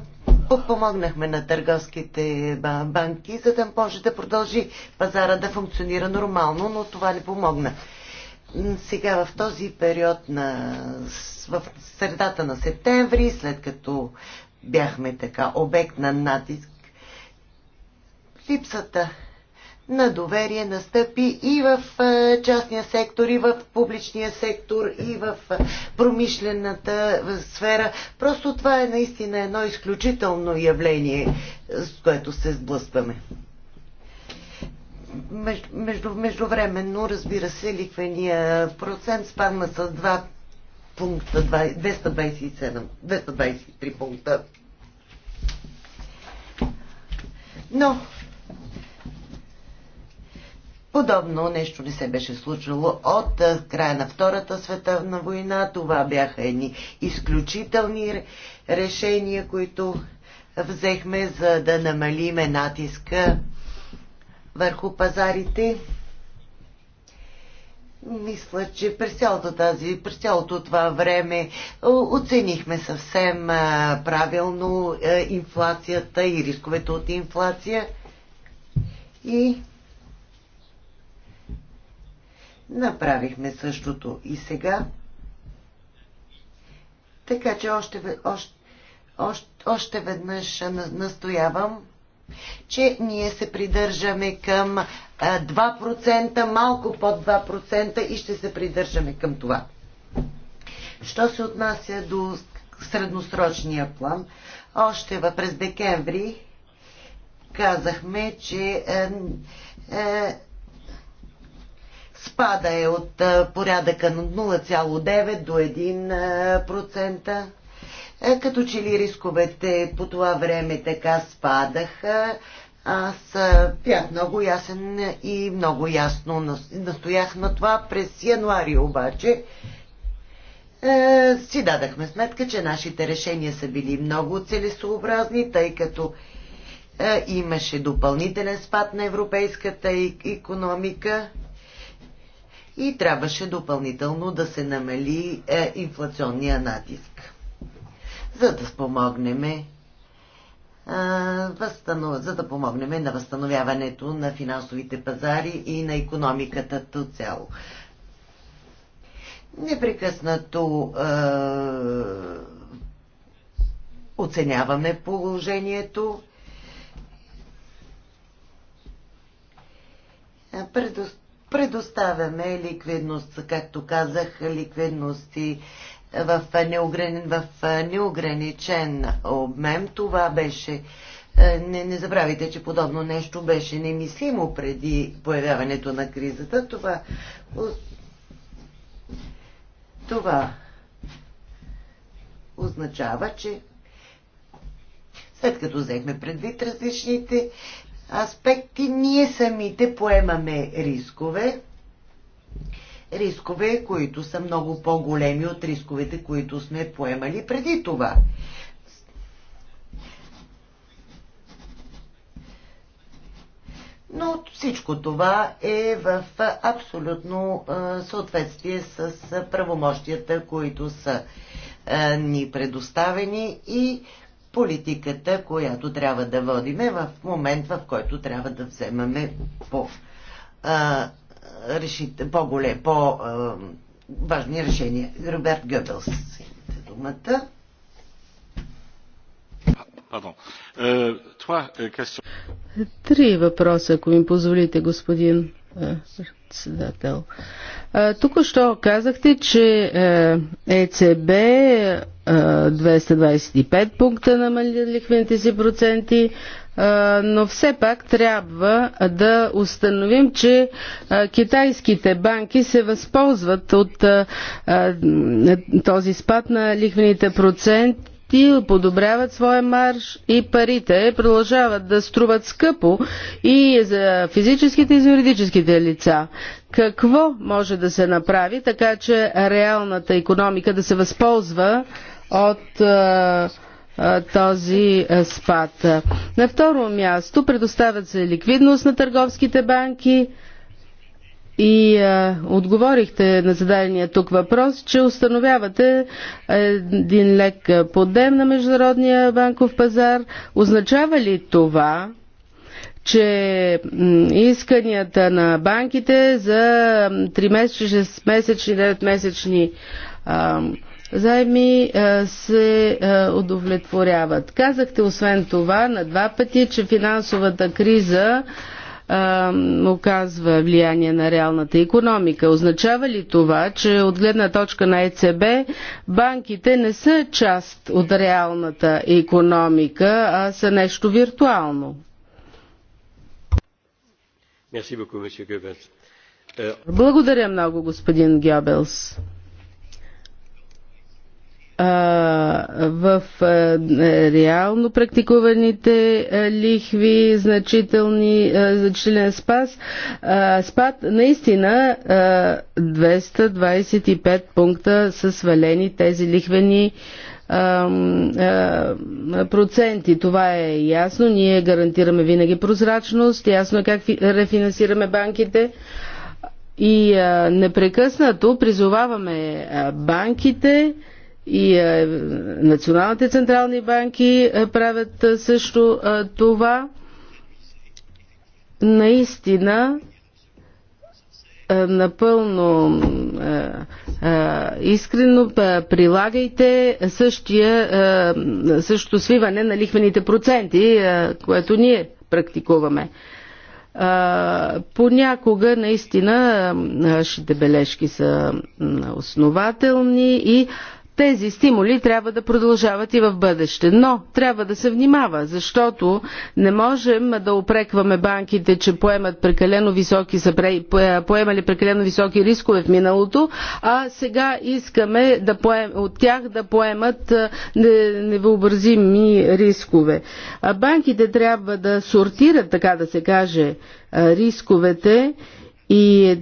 помогнахме на търговските банки, за да може да продължи пазара да функционира нормално, но това не помогна. Сега в този период на в средата на септември, след като бяхме така обект на натиск. Липсата на доверие настъпи и в частния сектор, и в публичния сектор, и в промишлената сфера. Просто това е наистина едно изключително явление, с което се сблъскваме. Между, междувременно, разбира се, ликвения процент спадна с пункта 227, 223 пункта. Но Подобно нещо не се беше случило от края на Втората световна война. Това бяха едни изключителни решения, които взехме, за да намалиме натиска върху пазарите. Мисля, че през цялото, тази, през цялото това време оценихме съвсем правилно е, инфлацията и рисковете от инфлация. И направихме същото и сега. Така че още, още, още, още веднъж настоявам че ние се придържаме към 2%, малко под 2% и ще се придържаме към това. Що се отнася до средносрочния план, още през декември казахме, че е, е, спада е от порядъка на 0,9 до 1%. Е, като че ли рисковете по това време така спадаха. Аз е, бях много ясен и много ясно настоях на това през януари обаче. Е, си дадахме сметка, че нашите решения са били много целесообразни, тъй като е, имаше допълнителен спад на европейската економика и трябваше допълнително да се намали е, инфлационния натиск за да спомогнем за да помогнем на възстановяването на финансовите пазари и на економиката то цяло. Непрекъснато е, оценяваме положението. Предоставяме ликвидност, както казах, ликвидности в, неограничен, в неограничен обмен. Това беше. Не, не забравяйте, че подобно нещо беше немислимо преди появяването на кризата. Това. Това означава, че след като взехме предвид различните аспекти, ние самите поемаме рискове рискове, които са много по-големи от рисковете, които сме поемали преди това. Но всичко това е в абсолютно съответствие с правомощията, които са ни предоставени и политиката, която трябва да водиме в момент, в който трябва да вземаме по решите по-голе, по-важни решения. Роберт Гъбелс имате думата. Е, е Три въпроса, ако ми позволите, господин е, председател. Тук що казахте, че ЕЦБ е 225 е, пункта намали лихвените си проценти, е, но все пак трябва да установим, че китайските банки се възползват от този спад на лихвените проценти ти подобряват своя марш и парите продължават да струват скъпо и за физическите и за юридическите лица. Какво може да се направи така, че реалната економика да се възползва от този спад? На второ място предоставят се ликвидност на търговските банки, и а, отговорихте на зададения тук въпрос, че установявате един лек подем на международния банков пазар. Означава ли това, че исканията на банките за 3-месечни, 6-месечни, 9-месечни заеми се удовлетворяват. Казахте освен това на два пъти, че финансовата криза а, оказва влияние на реалната економика. Означава ли това, че от гледна точка на ЕЦБ банките не са част от реалната економика, а са нещо виртуално? Благодаря много, господин Гебелс в реално практикуваните лихви значителни, значителен спас, спад наистина 225 пункта са свалени тези лихвени проценти. Това е ясно. Ние гарантираме винаги прозрачност. Ясно е как рефинансираме банките. И непрекъснато призоваваме банките и а, е, националните централни банки а, е, правят а, е, също а, това. Наистина, а, напълно а, искрено прилагайте същия, същото свиване на лихвените проценти, което ние практикуваме. Понякога наистина нашите бележки са основателни и тези стимули трябва да продължават и в бъдеще, но трябва да се внимава, защото не можем да опрекваме банките, че поемат прекалено високи, са поемали прекалено високи рискове в миналото, а сега искаме да поем, от тях да поемат невъобразими рискове. А банките трябва да сортират, така да се каже, рисковете и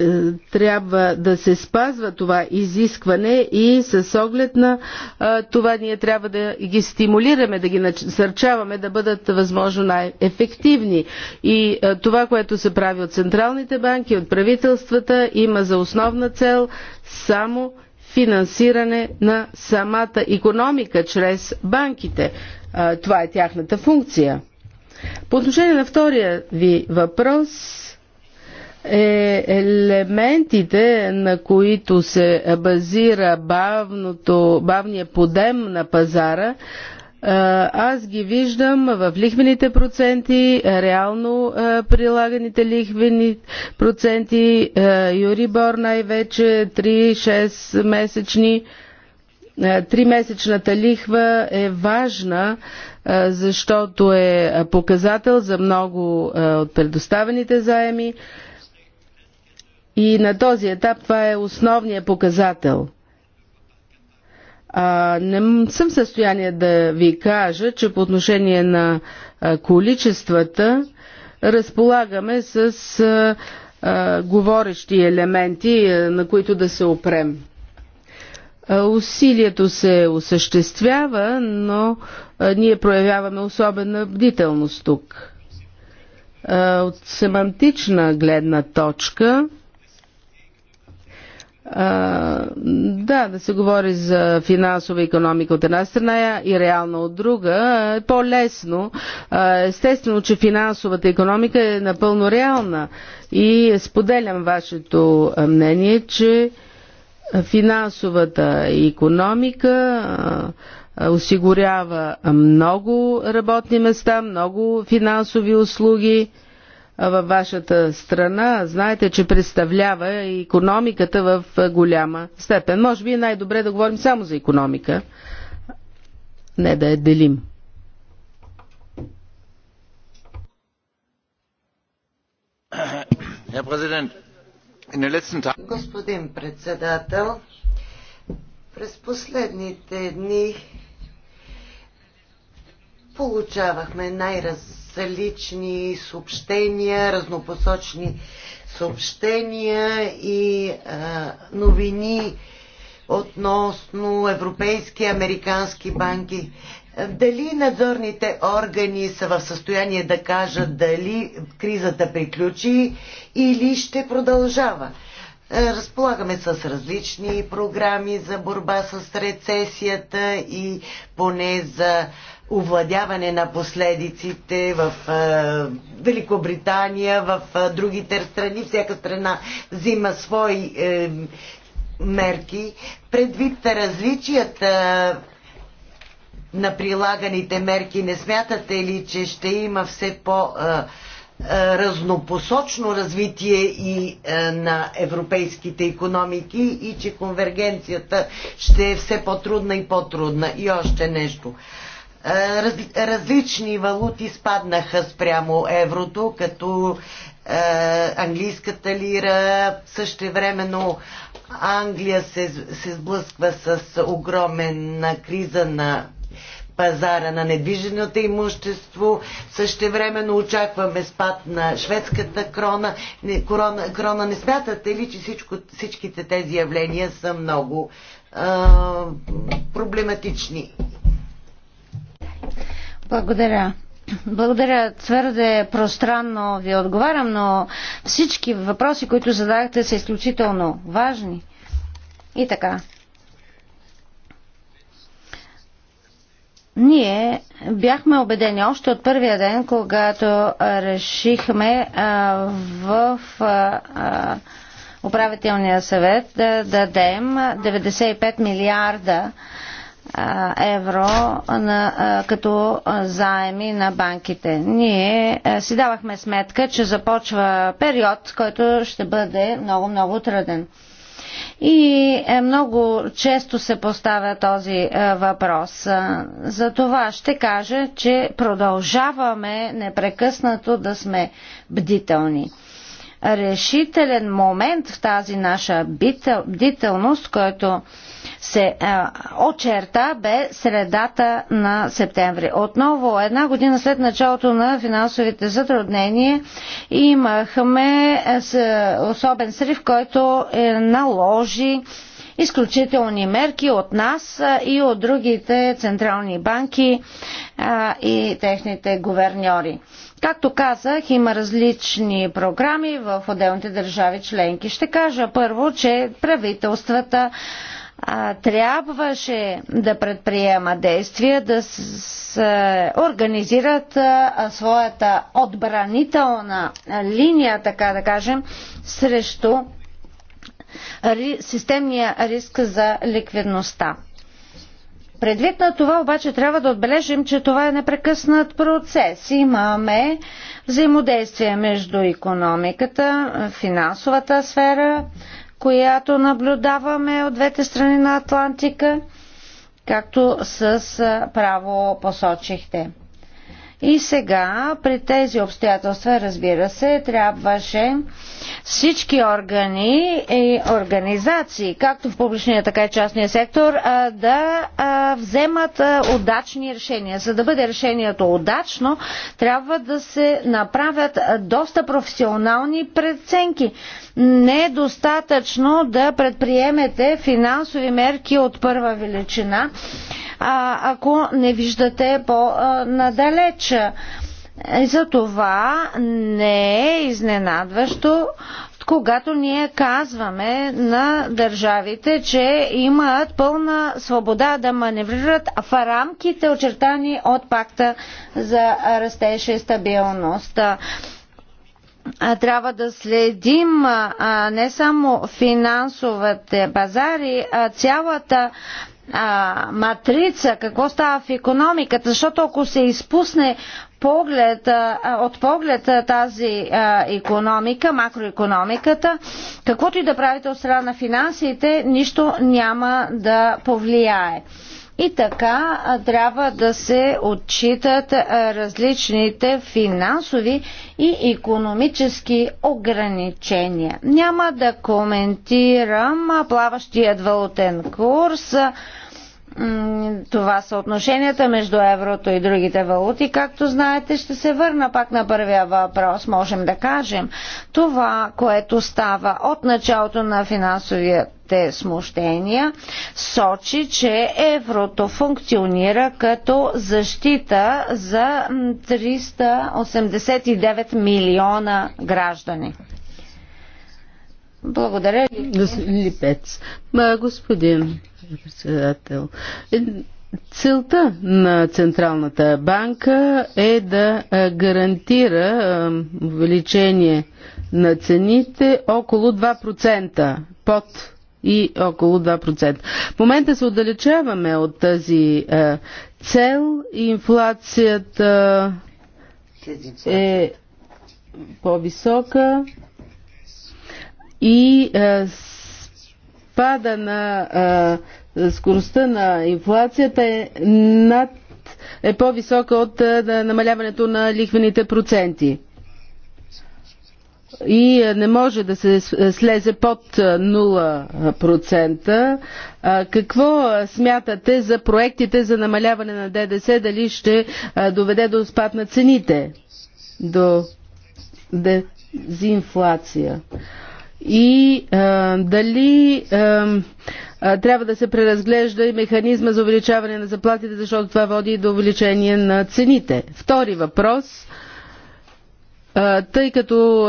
е, трябва да се спазва това изискване и с оглед на е, това ние трябва да ги стимулираме, да ги насърчаваме да бъдат възможно най-ефективни. И е, това, което се прави от централните банки, от правителствата, има за основна цел само финансиране на самата економика чрез банките. Това е тяхната функция. По отношение на втория ви въпрос, е елементите, на които се базира бавното, бавния подем на пазара, е, аз ги виждам в лихвените проценти, реално е, прилаганите лихвени проценти, Юрибор най-вече, 3-6 месечни. Тримесечната лихва е важна, защото е показател за много от предоставените заеми. И на този етап това е основният показател. А, не съм в състояние да ви кажа, че по отношение на а, количествата разполагаме с а, а, говорещи елементи, а, на които да се опрем. А, усилието се осъществява, но а, ние проявяваме особена бдителност тук. А, от семантична гледна точка да, да се говори за финансова економика от една страна и реална от друга е по-лесно. Естествено, че финансовата економика е напълно реална и споделям вашето мнение, че финансовата економика осигурява много работни места, много финансови услуги във вашата страна. Знаете, че представлява и економиката в голяма степен. Може би е най-добре да говорим само за економика, не да я делим. Господин председател, през последните дни Получавахме най-различни съобщения, разнопосочни съобщения и а, новини относно европейски и американски банки. Дали надзорните органи са в състояние да кажат дали кризата приключи или ще продължава? Разполагаме с различни програми за борба с рецесията и поне за овладяване на последиците в е, Великобритания, в е, другите страни. Всяка страна взима свои е, мерки. Предвид различията на прилаганите мерки, не смятате ли, че ще има все по- разнопосочно развитие и на европейските економики и че конвергенцията ще е все по-трудна и по-трудна. И още нещо. Е, различни валути спаднаха спрямо еврото, като е, английската лира, същевременно Англия се, се сблъсква с огромен криза на пазара на недвижените имущество. Същевременно очакваме спад на шведската крона. Не, корона, крона не смятате ли, че всичко, всичките тези явления са много а, е, проблематични? Благодаря. Благодаря. Твърде пространно ви отговарям, но всички въпроси, които зададахте, са изключително важни. И така. Ние бяхме убедени още от първия ден, когато решихме в управителния съвет да дадем 95 милиарда евро на, като заеми на банките. Ние си давахме сметка, че започва период, който ще бъде много-много труден. И е, много често се поставя този е, въпрос. За това ще кажа, че продължаваме непрекъснато да сме бдителни решителен момент в тази наша бдителност, който се а, очерта, бе средата на септември. Отново, една година след началото на финансовите затруднения, имахме с, особен срив, който е, наложи изключителни мерки от нас и от другите централни банки а, и техните гуверньори. Както казах, има различни програми в отделните държави членки. Ще кажа първо, че правителствата трябваше да предприема действия, да се организират своята отбранителна линия, така да кажем, срещу системния риск за ликвидността. Предвид на това обаче трябва да отбележим, че това е непрекъснат процес. Имаме взаимодействие между економиката, финансовата сфера, която наблюдаваме от двете страни на Атлантика, както с право посочихте. И сега, при тези обстоятелства, разбира се, трябваше всички органи и организации, както в публичния, така и частния сектор, да вземат удачни решения. За да бъде решението удачно, трябва да се направят доста професионални преценки. Не е достатъчно да предприемете финансови мерки от първа величина, а, ако не виждате по-надалеч. Е, за това не е изненадващо, когато ние казваме на държавите, че имат пълна свобода да маневрират в рамките очертани от пакта за растеж и стабилност трябва да следим не само финансовите базари, а цялата а, матрица, какво става в економиката, защото ако се изпусне поглед, а, от поглед тази а, економика, макроекономиката, каквото и да правите от страна на финансите, нищо няма да повлияе. И така трябва да се отчитат различните финансови и економически ограничения. Няма да коментирам плаващият валутен курс, това са отношенията между еврото и другите валути. Както знаете, ще се върна пак на първия въпрос. Можем да кажем, това, което става от началото на финансовите смущения, сочи, че еврото функционира като защита за 389 милиона граждани. Благодаря. Господин Липец. Господин председател. Е, целта на Централната банка е да е, гарантира е, увеличение на цените около 2%, под и около 2%. В момента се отдалечаваме от тази цел. Инфлацията е по-висока и спада на а, скоростта на инфлацията е над е по-висока от а, намаляването на лихвените проценти. И не може да се слезе под 0%. какво смятате за проектите за намаляване на ДДС? Дали ще доведе до спад на цените? До дезинфлация? и а, дали а, трябва да се преразглежда и механизма за увеличаване на заплатите, защото това води и до увеличение на цените. Втори въпрос – тъй като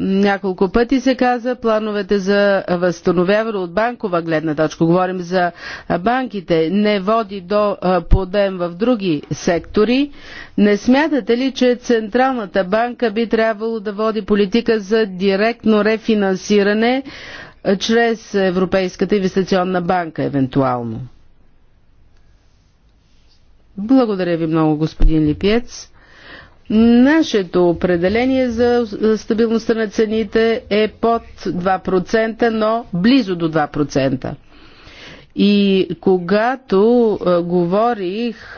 няколко пъти се каза, плановете за възстановяване от банкова гледна точка, говорим за банките, не води до подем в други сектори. Не смятате ли, че Централната банка би трябвало да води политика за директно рефинансиране чрез Европейската инвестиционна банка, евентуално? Благодаря ви много, господин Липец. Нашето определение за стабилността на цените е под 2%, но близо до 2%. И когато говорих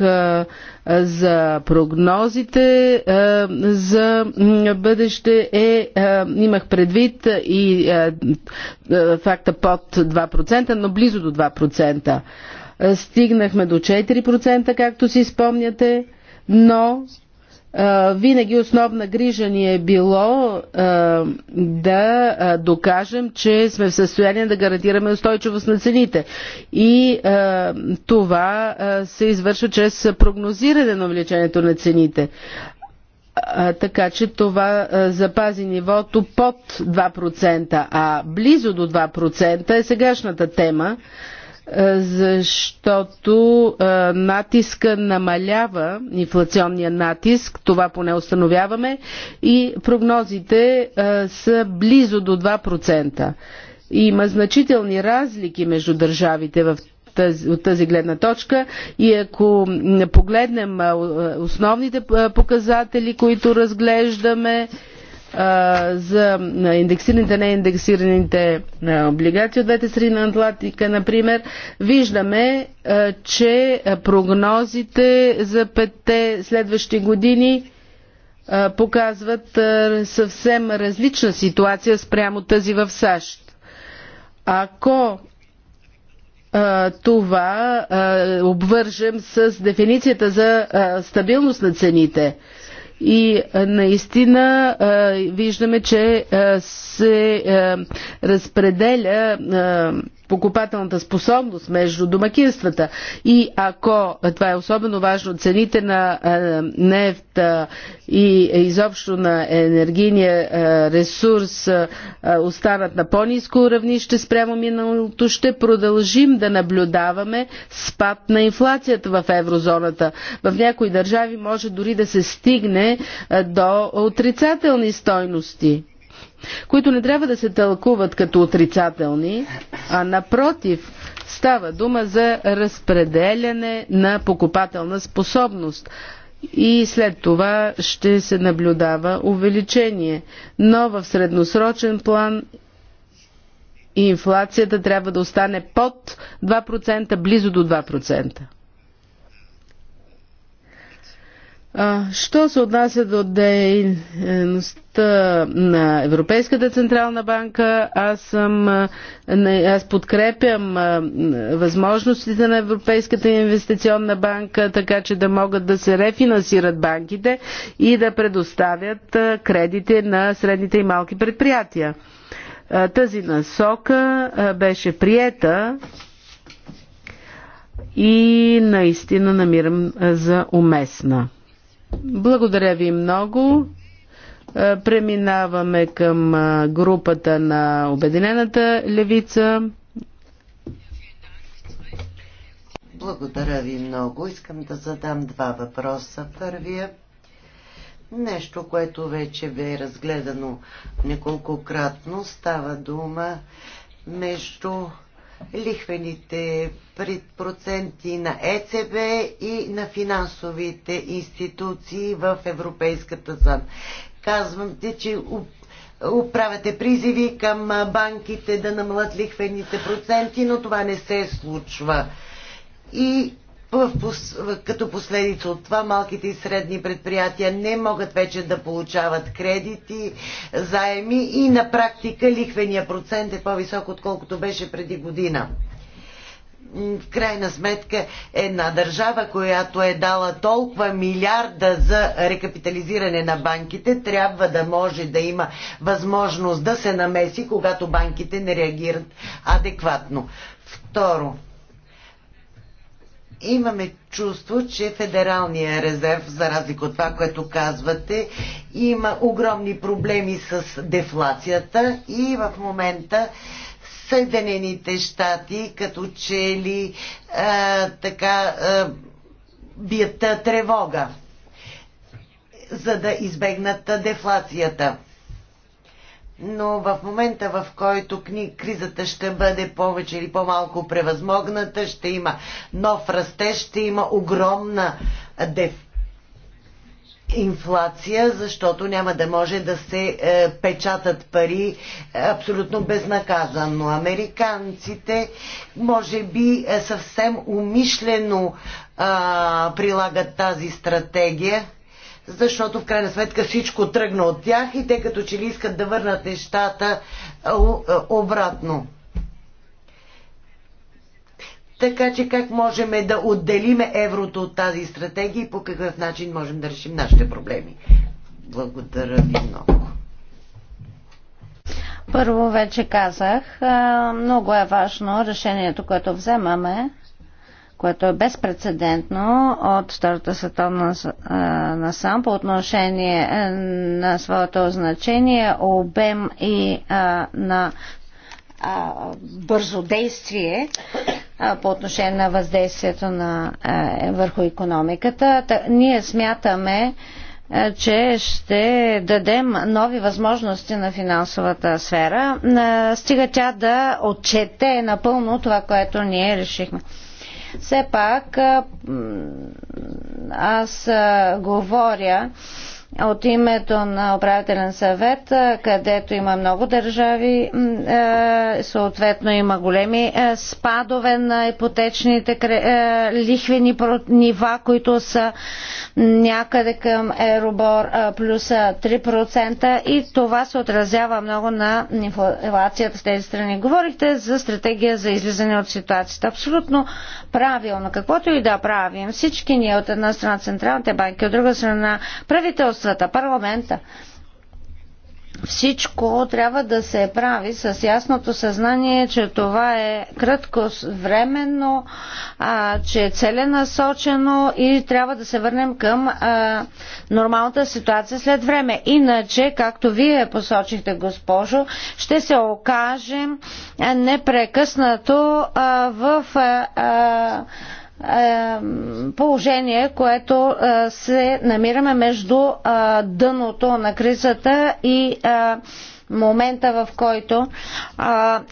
за прогнозите за бъдеще, е, имах предвид и факта под 2%, но близо до 2%. Стигнахме до 4%, както си спомняте, но винаги основна грижа ни е било да докажем, че сме в състояние да гарантираме устойчивост на цените. И това се извършва чрез прогнозиране на увеличението на цените. Така че това запази нивото под 2%, а близо до 2% е сегашната тема. Е, защото е, натиска намалява, инфлационния натиск, това поне установяваме, и прогнозите е, са близо до 2%. Има значителни разлики между държавите в от тази гледна точка и ако погледнем основните показатели, които разглеждаме, за индексираните, не индексираните облигации от двете страни на Атлантика, например, виждаме, че прогнозите за петте следващи години показват съвсем различна ситуация спрямо тази в САЩ. Ако това обвържем с дефиницията за стабилност на цените, и наистина виждаме, че се разпределя покупателната способност между домакинствата. И ако, това е особено важно, цените на е, нефта и изобщо на енергийния е, ресурс е, останат на по-низко равнище спрямо миналото, ще продължим да наблюдаваме спад на инфлацията в еврозоната. В някои държави може дори да се стигне до отрицателни стойности които не трябва да се тълкуват като отрицателни, а напротив, става дума за разпределяне на покупателна способност и след това ще се наблюдава увеличение. Но в средносрочен план инфлацията трябва да остане под 2%, близо до 2%. А, що се отнася до дейността на Европейската централна банка, аз, съм, аз подкрепям възможностите на Европейската инвестиционна банка, така че да могат да се рефинансират банките и да предоставят кредити на средните и малки предприятия. Тази насока беше приета и наистина намирам за уместна. Благодаря ви много. Е, преминаваме към е, групата на Обединената левица. Благодаря ви много. Искам да задам два въпроса. Първия нещо, което вече бе разгледано неколкократно. Става дума между лихвените проценти на ЕЦБ и на финансовите институции в Европейската зона. Казвам ти, че управяте призиви към банките да намалят лихвените проценти, но това не се случва. И като последица от това малките и средни предприятия не могат вече да получават кредити, заеми и на практика лихвения процент е по-висок, отколкото беше преди година в крайна сметка една държава, която е дала толкова милиарда за рекапитализиране на банките, трябва да може да има възможност да се намеси, когато банките не реагират адекватно. Второ, имаме чувство, че Федералния резерв, за разлика от това, което казвате, има огромни проблеми с дефлацията и в момента Съединените щати като че ли а, така а, бият тревога, за да избегнат дефлацията но в момента в който кризата ще бъде повече или по-малко превъзмогната, ще има нов растеж, ще има огромна деф инфлация, защото няма да може да се е, печатат пари е, абсолютно безнаказано. Американците може би е, съвсем умишлено е, прилагат тази стратегия, защото в крайна сметка всичко тръгна от тях и те като че ли искат да върнат нещата обратно. Така че как можем да отделиме еврото от тази стратегия и по какъв начин можем да решим нашите проблеми? Благодаря ви много. Първо вече казах, много е важно решението, което вземаме което е безпредседентно от Втората световна насам по отношение е, на своето значение, обем и а, на а, бързо действие а, по отношение на въздействието на, а, е, върху економиката. Та, ние смятаме, е, че ще дадем нови възможности на финансовата сфера, стига тя да отчете напълно това, което ние решихме. Все пак аз говоря от името на управителен съвет, където има много държави, съответно има големи спадове на ипотечните лихвени нива, които са някъде към Еробор плюс 3% и това се отразява много на инфлацията в тези страни. Говорихте за стратегия за излизане от ситуацията. Абсолютно правилно. Каквото и да правим, всички ние от една страна Централните банки, от друга страна правителството, правителствата, парламента. Всичко трябва да се прави с ясното съзнание, че това е кратко временно, а, че е целенасочено и трябва да се върнем към а, нормалната ситуация след време. Иначе, както вие посочихте, госпожо, ще се окажем непрекъснато а, в. А, а, положение, което се намираме между дъното на кризата и момента, в който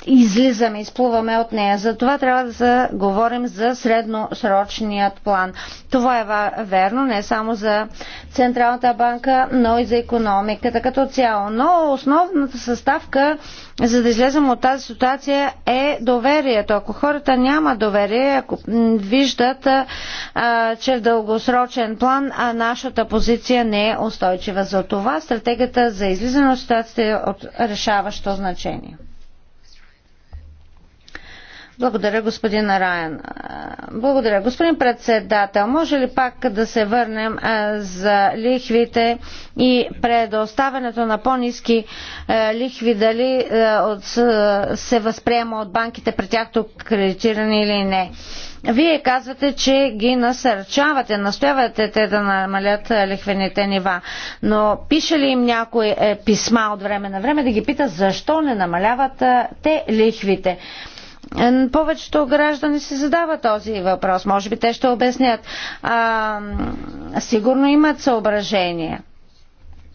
излизаме, изплуваме от нея. Затова трябва да говорим за средносрочният план. Това е верно не само за Централната банка, но и за економиката като цяло. Но основната съставка за да излезем от тази ситуация е доверието. Ако хората няма доверие, ако виждат, че в дългосрочен план а нашата позиция не е устойчива. За това стратегията за излизане от ситуацията е от решаващо значение. Благодаря, господин Раян. Благодаря. Господин председател, може ли пак да се върнем за лихвите и предоставянето на по-низки лихви, дали се възприема от банките при тяхто кредитиране или не? Вие казвате, че ги насърчавате, настоявате те да намалят лихвените нива. Но пише ли им някои е, писма от време на време да ги пита защо не намаляват те лихвите? Повечето граждани се задават този въпрос. Може би те ще обяснят. А, сигурно имат съображения.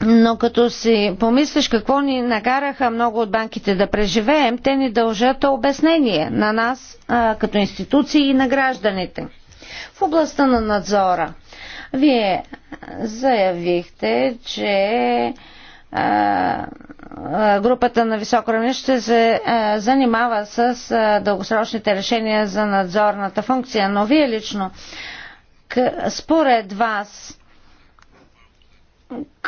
Но като си помислиш какво ни накараха много от банките да преживеем, те ни дължат обяснение на нас а, като институции и на гражданите. В областта на надзора. Вие заявихте, че групата на високо равни ще се занимава с дългосрочните решения за надзорната функция. Но вие лично, според вас,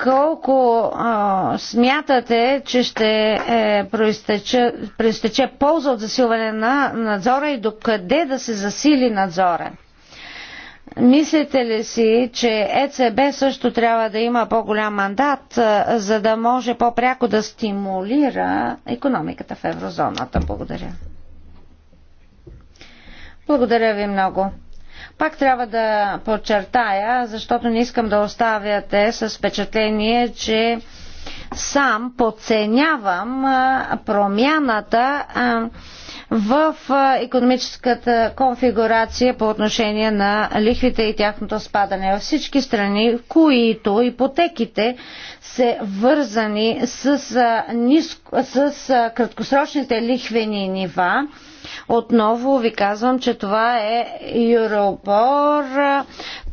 колко а, смятате, че ще е, проистече, проистече полза от засилване на надзора и докъде да се засили надзора? Мислите ли си, че ЕЦБ също трябва да има по-голям мандат, за да може по-пряко да стимулира економиката в еврозоната? Благодаря. Благодаря ви много. Пак трябва да подчертая, защото не искам да оставяте с впечатление, че сам подценявам промяната в економическата конфигурация по отношение на лихвите и тяхното спадане. Във всички страни, които ипотеките се вързани с, ниско, с краткосрочните лихвени нива, отново ви казвам, че това е Юробор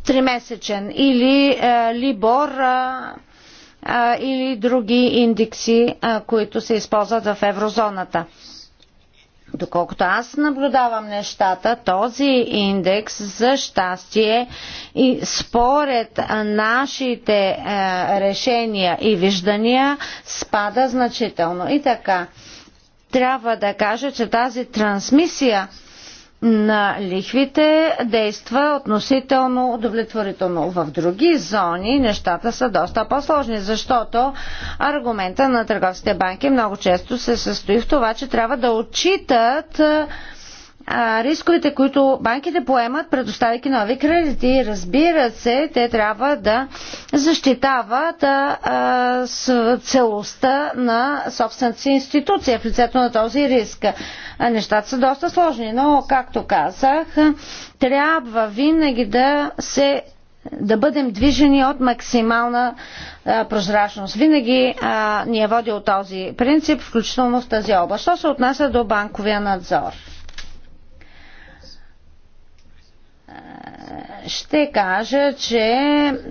тримесечен или Либор или други индекси, които се използват в еврозоната. Доколкото аз наблюдавам нещата, този индекс за щастие и според нашите е, решения и виждания спада значително. И така, трябва да кажа, че тази трансмисия на лихвите действа относително удовлетворително. В други зони нещата са доста по-сложни, защото аргумента на търговските банки много често се състои в това, че трябва да отчитат рисковете, които банките поемат, предоставяйки нови кредити. Разбира се, те трябва да защитават а, а, с целостта на собствената си институция в лицето на този риск. А, нещата са доста сложни, но, както казах, трябва винаги да се да бъдем движени от максимална а, прозрачност. Винаги а, ни е водил този принцип, включително в тази област. Що се отнася до банковия надзор? ще кажа, че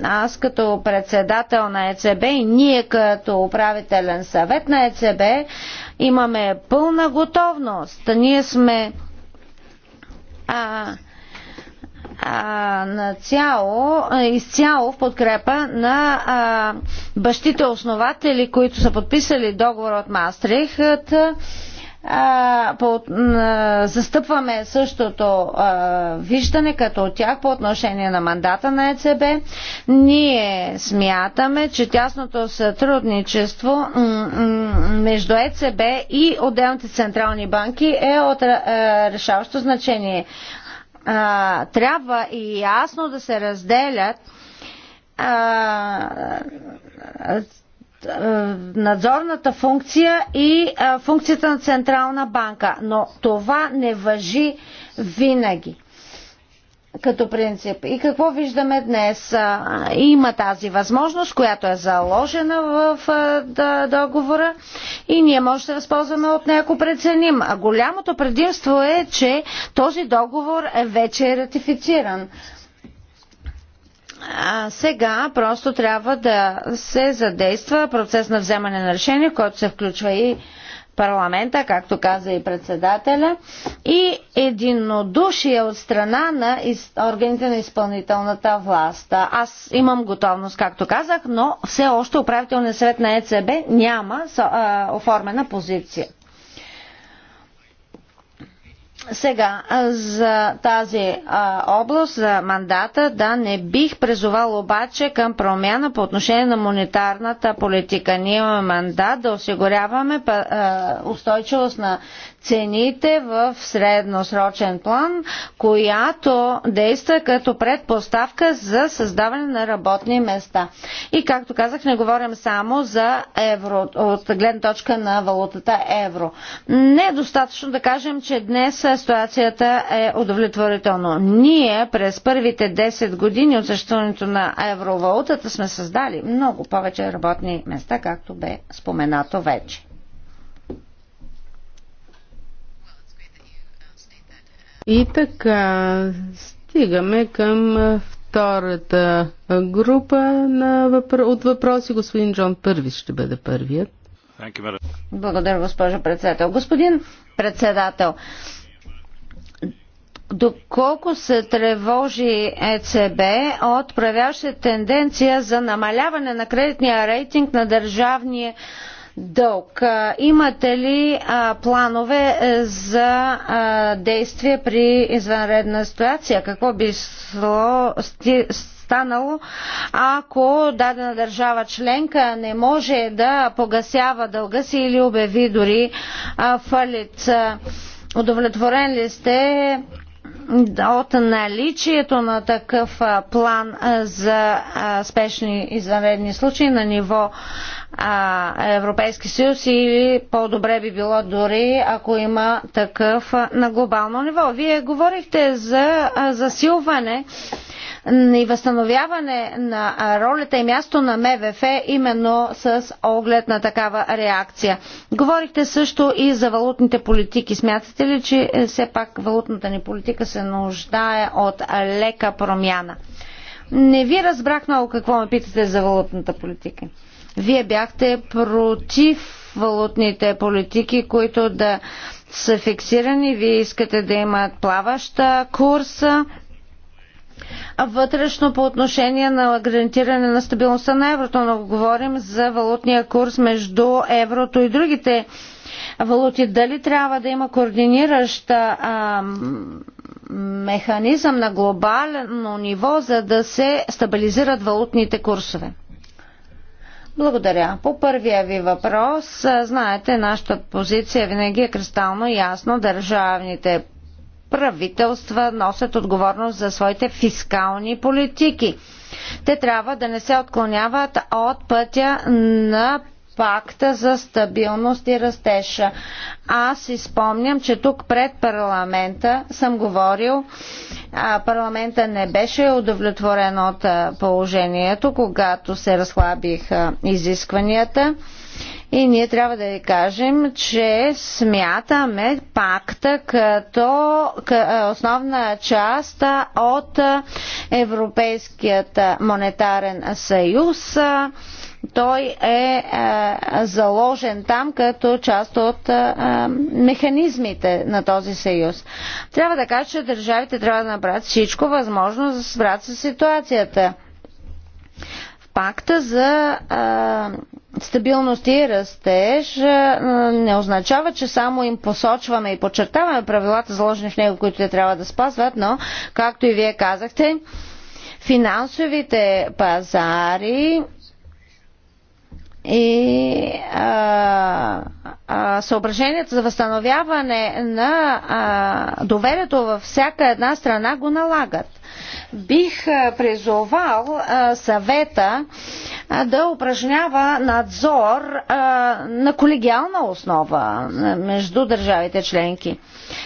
аз като председател на ЕЦБ и ние като управителен съвет на ЕЦБ имаме пълна готовност. Ние сме а, а, нацяло, изцяло в подкрепа на а, бащите основатели, които са подписали договор от Мастрихът. А, по, застъпваме същото а, виждане като от тях по отношение на мандата на ЕЦБ. Ние смятаме, че тясното сътрудничество между ЕЦБ и отделните централни банки е от а, решаващо значение. А, трябва и ясно да се разделят е, надзорната функция и е, функцията на Централна банка. Но това не въжи винаги като принцип. И какво виждаме днес? Е, има тази възможност, която е заложена в договора и ние може да се възползваме от нея, ако преценим. А голямото предимство е, че този договор е вече е ратифициран. А сега просто трябва да се задейства процес на вземане на решение, който се включва и парламента, както каза и председателя, и единодушие от страна на органите на изпълнителната власт. Аз имам готовност, както казах, но все още управителният съвет на ЕЦБ няма оформена позиция. Сега, за тази а, област, за мандата, да, не бих призовал обаче към промяна по отношение на монетарната политика. Ние имаме мандат да осигуряваме а, устойчивост на цените в средносрочен план, която действа като предпоставка за създаване на работни места. И както казах, не говорим само за евро, от гледна точка на валутата евро. Не е достатъчно да кажем, че днес ситуацията е удовлетворително. Ние през първите 10 години от съществуването на евровалутата сме създали много повече работни места, както бе споменато вече. И така, стигаме към втората група на въпро... от въпроси. Господин Джон Първи ще бъде първият. Благодаря, госпожо председател. Господин председател, доколко се тревожи ЕЦБ от проявяваща тенденция за намаляване на кредитния рейтинг на държавния дълг. Имате ли а, планове е, за а, действие при извънредна ситуация? Какво би сло, сти, станало, ако дадена държава членка не може да погасява дълга си или обяви дори фалит? Удовлетворен ли сте от наличието на такъв план за спешни извънредни случаи на ниво Европейски съюз и по-добре би било дори ако има такъв на глобално ниво. Вие говорихте за засилване и възстановяване на ролята и място на МВФ именно с оглед на такава реакция. Говорихте също и за валутните политики. Смятате ли, че е, все пак валутната ни политика се нуждае от лека промяна? Не ви разбрах много какво ме питате за валутната политика. Вие бяхте против валутните политики, които да са фиксирани. Вие искате да имат плаваща курса вътрешно по отношение на гарантиране на стабилността на еврото, но говорим за валутния курс между еврото и другите валути. Дали трябва да има координиращ а, механизъм на глобално ниво, за да се стабилизират валутните курсове? Благодаря. По първия ви въпрос, знаете, нашата позиция винаги е кристално ясно. Държавните правителства носят отговорност за своите фискални политики. Те трябва да не се отклоняват от пътя на пакта за стабилност и растеж. Аз си спомням, че тук пред парламента съм говорил, а парламента не беше удовлетворен от положението, когато се разхлабиха изискванията. И ние трябва да ви кажем, че смятаме пакта като е, основна част от Европейският монетарен съюз. Той е, е заложен там като част от е, механизмите на този съюз. Трябва да кажа, че държавите трябва да направят всичко възможно за да се справят с ситуацията. В пакта за стабилност и растеж не означава, че само им посочваме и подчертаваме правилата заложени в него, които те трябва да спазват, но, както и вие казахте, финансовите пазари и а, а, съображението за възстановяване на а, доверието във всяка една страна го налагат. Бих призовал а, съвета да упражнява надзор на колегиална основа между държавите членки.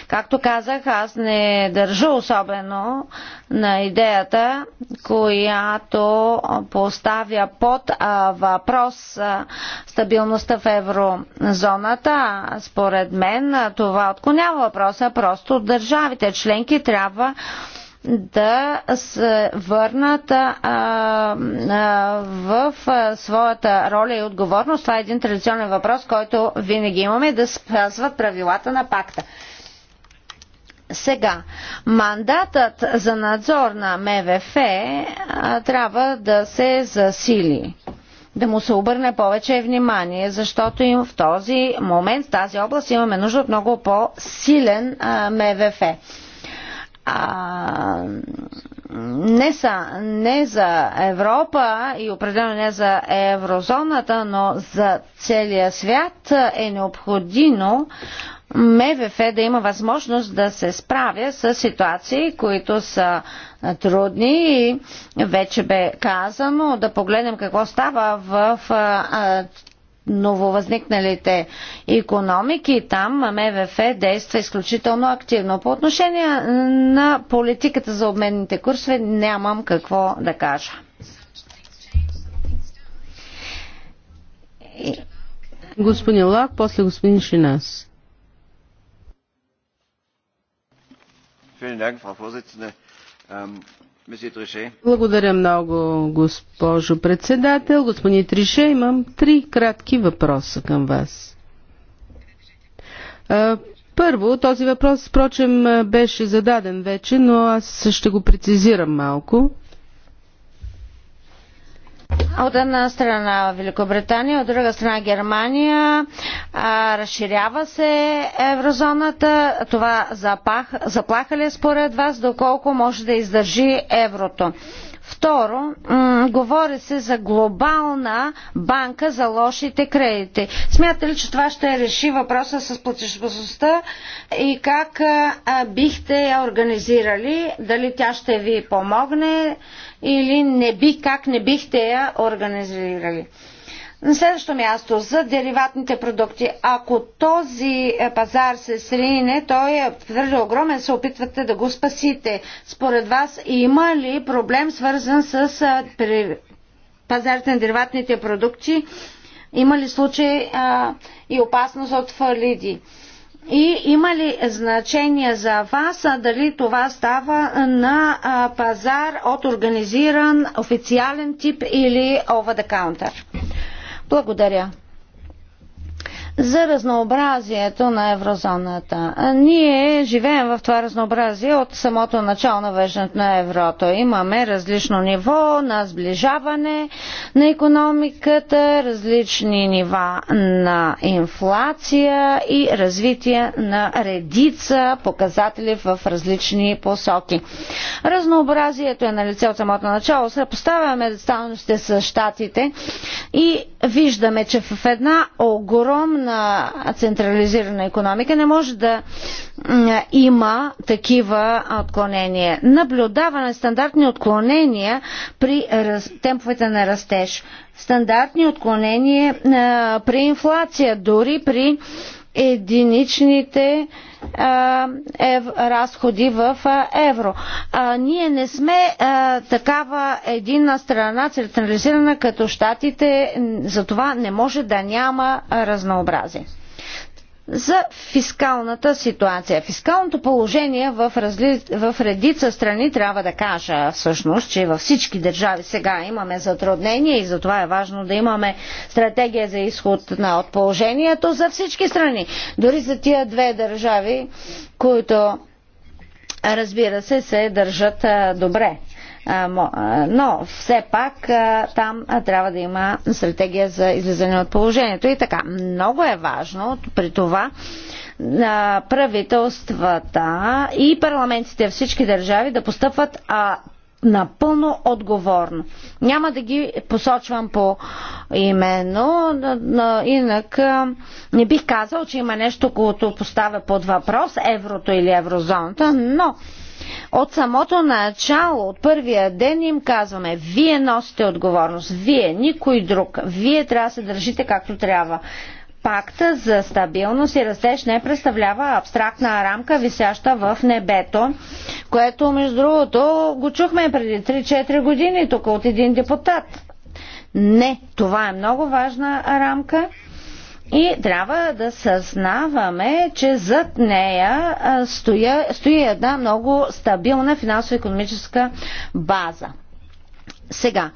Както казах, аз не държа особено на идеята, която поставя под въпрос стабилността в еврозоната. Според мен това отклонява въпроса, просто държавите членки трябва да се върнат а, а, в а, своята роля и отговорност. Това е един традиционен въпрос, който винаги имаме да спазват правилата на пакта. Сега, мандатът за надзор на МВФ а, трябва да се засили да му се обърне повече внимание, защото им в този момент, в тази област имаме нужда от много по-силен МВФ а, не, са, не за Европа и определено не за еврозоната, но за целия свят е необходимо МВФ да има възможност да се справя с ситуации, които са трудни и вече бе казано да погледнем какво става в нововъзникналите економики. Там МВФ действа изключително активно. По отношение на политиката за обменните курсове нямам какво да кажа. Господин Лак, после господин Шинас. Vielen Dank, Frau Vorsitzende. Ähm, благодаря много, госпожо председател. Господин Трише, имам три кратки въпроса към вас. Първо, този въпрос, впрочем, беше зададен вече, но аз ще го прецизирам малко. От една страна Великобритания, от друга страна Германия. А, разширява се еврозоната. Това запах, заплаха ли е според вас, доколко може да издържи еврото? Второ, говори се за глобална банка за лошите кредити. Смята ли, че това ще реши въпроса с платежоспособността и как а, бихте я организирали? Дали тя ще ви помогне или не би, как не бихте я организирали? На следващо място за дериватните продукти. Ако този е, пазар се срине, той е твърде огромен, се опитвате да го спасите. Според вас има ли проблем свързан с е, пазарите на дериватните продукти? Има ли случай а, е, и опасност от фалиди? И има ли значение за вас дали това става на а, пазар от организиран официален тип или over the counter? Благодаря за разнообразието на еврозоната. ние живеем в това разнообразие от самото начало на въждането на еврото. Имаме различно ниво на сближаване на економиката, различни нива на инфлация и развитие на редица показатели в различни посоки. Разнообразието е на лице от самото начало. Съпоставяме сталностите с щатите и виждаме, че в една огромна на централизирана економика не може да има такива отклонения. Наблюдава на стандартни отклонения при темповете на растеж. Стандартни отклонения при инфлация, дори при единичните а, ев, разходи в а, евро. А, ние не сме а, такава единна страна, централизирана като щатите, затова не може да няма разнообразие за фискалната ситуация. Фискалното положение в, разли... в редица страни трябва да кажа всъщност, че във всички държави сега имаме затруднения и затова е важно да имаме стратегия за изход на от положението за всички страни. Дори за тия две държави, които разбира се се държат добре. Но все пак там трябва да има стратегия за излизане от положението. И така, много е важно при това правителствата и парламентите всички държави да постъпват напълно отговорно. Няма да ги посочвам по но инак не бих казал, че има нещо, което поставя под въпрос еврото или еврозоната, но от самото начало, от първия ден им казваме, вие носите отговорност, вие, никой друг, вие трябва да се държите както трябва. Пакта за стабилност и растеж не представлява абстрактна рамка, висяща в небето, което, между другото, го чухме преди 3-4 години тук от един депутат. Не, това е много важна рамка и трябва да съзнаваме, че зад нея стоя, стои една много стабилна финансово-економическа база. Сега,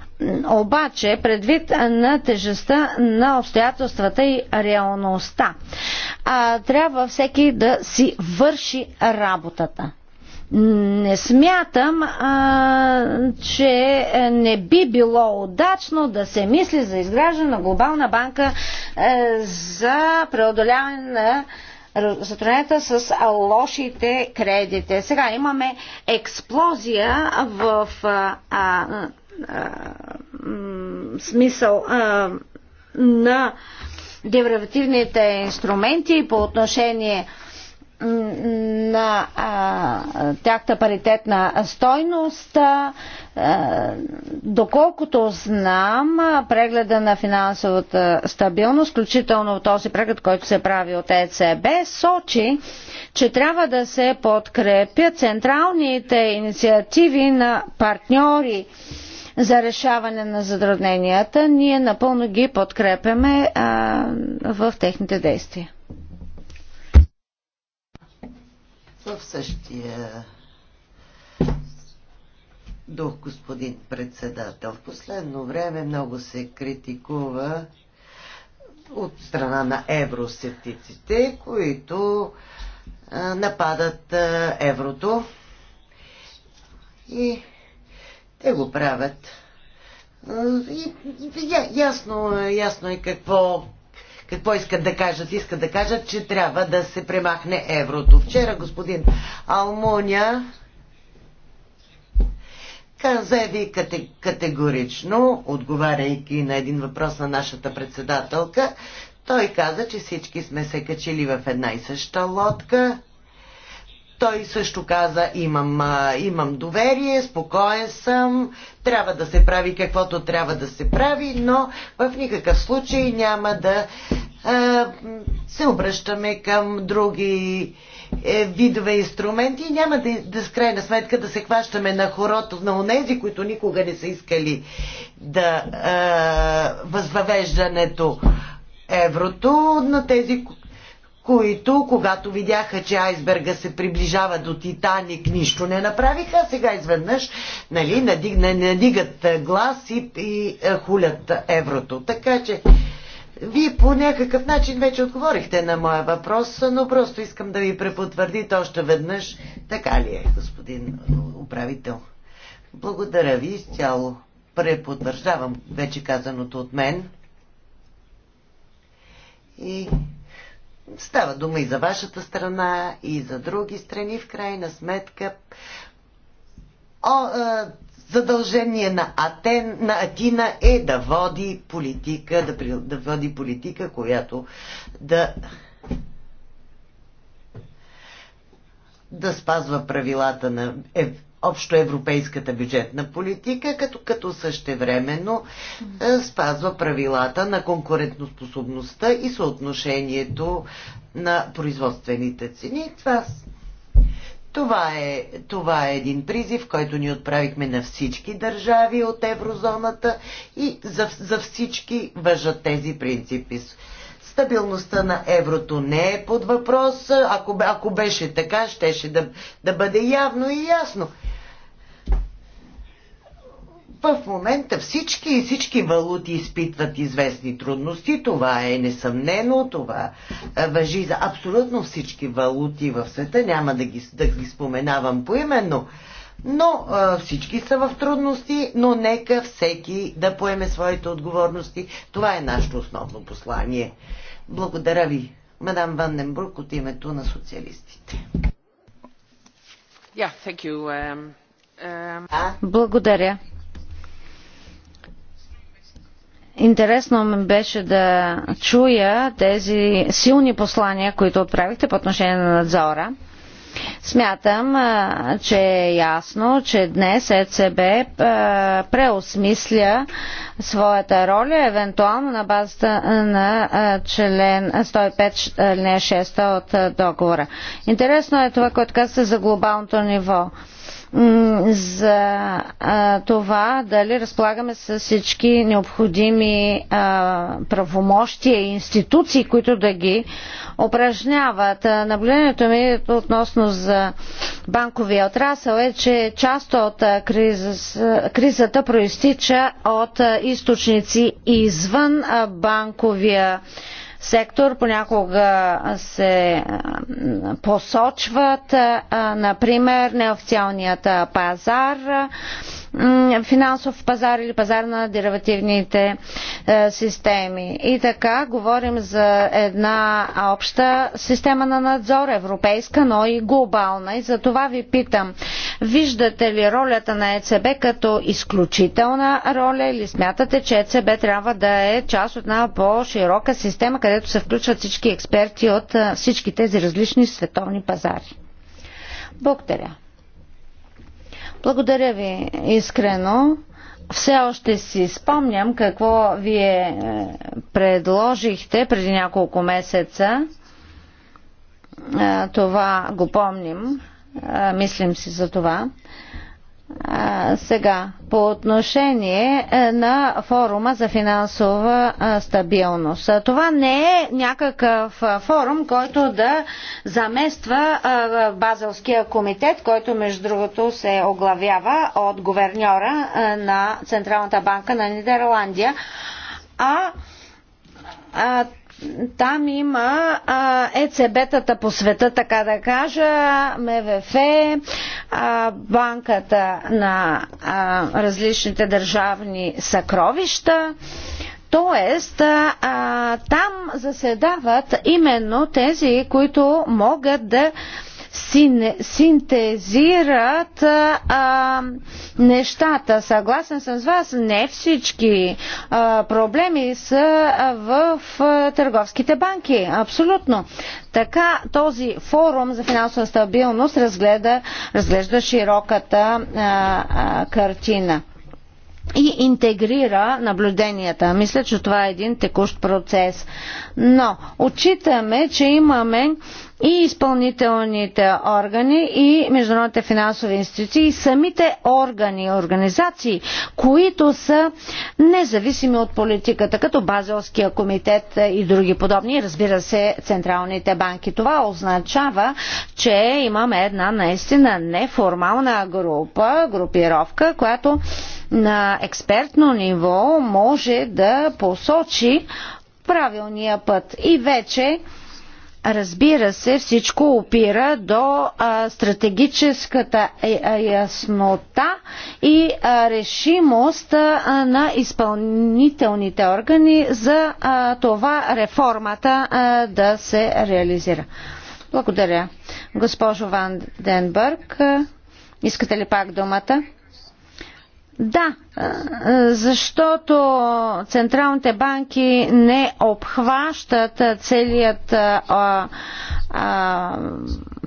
обаче, предвид на тежестта на обстоятелствата и реалността, трябва всеки да си върши работата. Не смятам, а, че не би било удачно да се мисли за изграждане на глобална банка а, е, за преодоляване на затрудненията с лошите кредите. Сега имаме експлозия в а, а, а, смисъл а, на деривативните инструменти по отношение а, на а, тяхта паритетна стойност. А, доколкото знам, прегледа на финансовата стабилност, включително този преглед, който се прави от ЕЦБ, сочи, че трябва да се подкрепят централните инициативи на партньори за решаване на затрудненията. Ние напълно ги подкрепяме а, в техните действия. в същия дух, господин председател. В последно време много се критикува от страна на евросептиците, които а, нападат а, еврото и те го правят. И, я, ясно, ясно е какво какво искат да кажат? Искат да кажат, че трябва да се премахне еврото. Вчера господин Алмуня ви категорично, отговаряйки на един въпрос на нашата председателка, той каза, че всички сме се качили в една и съща лодка той също каза, имам, имам доверие, спокоен съм, трябва да се прави каквото трябва да се прави, но в никакъв случай няма да се обръщаме към други е, видове инструменти и няма да, да с крайна сметка да се хващаме на хорото, на онези, които никога не са искали да е, възвъвеждането еврото, на тези, които, когато видяха, че айсберга се приближава до Титаник, нищо не направиха, а сега изведнъж нали, надиг, надигат глас и, и хулят еврото. Така че, вие по някакъв начин вече отговорихте на моя въпрос, но просто искам да ви препотвърдите още веднъж. Така ли е, господин управител? Благодаря ви изцяло. Препотвърждавам вече казаното от мен. И Става дума и за вашата страна, и за други страни. В крайна сметка, о, е, задължение на, Атен, на Атина е да води политика, да, да води политика, която да да спазва правилата на общоевропейската бюджетна политика, като, като същевременно е, спазва правилата на конкурентоспособността и съотношението на производствените цени. Това, това, е, това е един призив, който ни отправихме на всички държави от еврозоната и за, за всички въжат тези принципи. Стабилността на еврото не е под въпрос. Ако, ако беше така, щеше да, да бъде явно и ясно. В момента всички и всички валути изпитват известни трудности. Това е несъмнено, това въжи за абсолютно всички валути в света. Няма да ги, да ги споменавам поименно. Но а, всички са в трудности, но нека всеки да поеме своите отговорности. Това е нашето основно послание. Благодаря ви, мадам Ванденбрук, от името на социалистите. Yeah, thank you. Um, um... Благодаря. Интересно ми беше да чуя тези силни послания, които отправихте по отношение на надзора. Смятам, че е ясно, че днес ЕЦБ преосмисля своята роля, евентуално на базата на член 105 6 от договора. Интересно е това, което казвате за глобалното ниво за а, това дали разполагаме с всички необходими а, правомощия и институции, които да ги упражняват. наблюдението ми относно за банковия отрасъл е, че част от криз, кризата проистича от източници извън банковия сектор. Понякога се посочват, например, неофициалният пазар, финансов пазар или пазар на деривативните е, системи. И така, говорим за една обща система на надзор, европейска, но и глобална. И за това ви питам, виждате ли ролята на ЕЦБ като изключителна роля или смятате, че ЕЦБ трябва да е част от една по-широка система, където се включват всички експерти от е, всички тези различни световни пазари? Благодаря. Благодаря ви искрено. Все още си спомням какво вие е, предложихте преди няколко месеца. Е, това го помним. Е, мислим си за това сега, по отношение е, на форума за финансова стабилност. Това не е някакъв форум, който да замества Базелския комитет, който между другото се оглавява от говерньора на Централната банка на Нидерландия. А, а там има ЕЦБ-тата по света, така да кажа, МВФ, банката на различните държавни съкровища. Тоест, а, там заседават именно тези, които могат да синтезират а, нещата. Съгласен съм с вас, не всички а, проблеми са в а, търговските банки. Абсолютно. Така този форум за финансова стабилност разгледа, разглежда широката а, а, картина и интегрира наблюденията. Мисля, че това е един текущ процес. Но отчитаме, че имаме и изпълнителните органи и международните финансови институции и самите органи и организации, които са независими от политиката, като Базелския комитет и други подобни, разбира се, централните банки. Това означава, че имаме една наистина неформална група, групировка, която на експертно ниво може да посочи правилния път. И вече Разбира се, всичко опира до а, стратегическата е, яснота и а, решимост а, на изпълнителните органи за а, това реформата а, да се реализира. Благодаря. Госпожо Ван Денбърг, искате ли пак думата? Да, защото централните банки не обхващат целият а, а,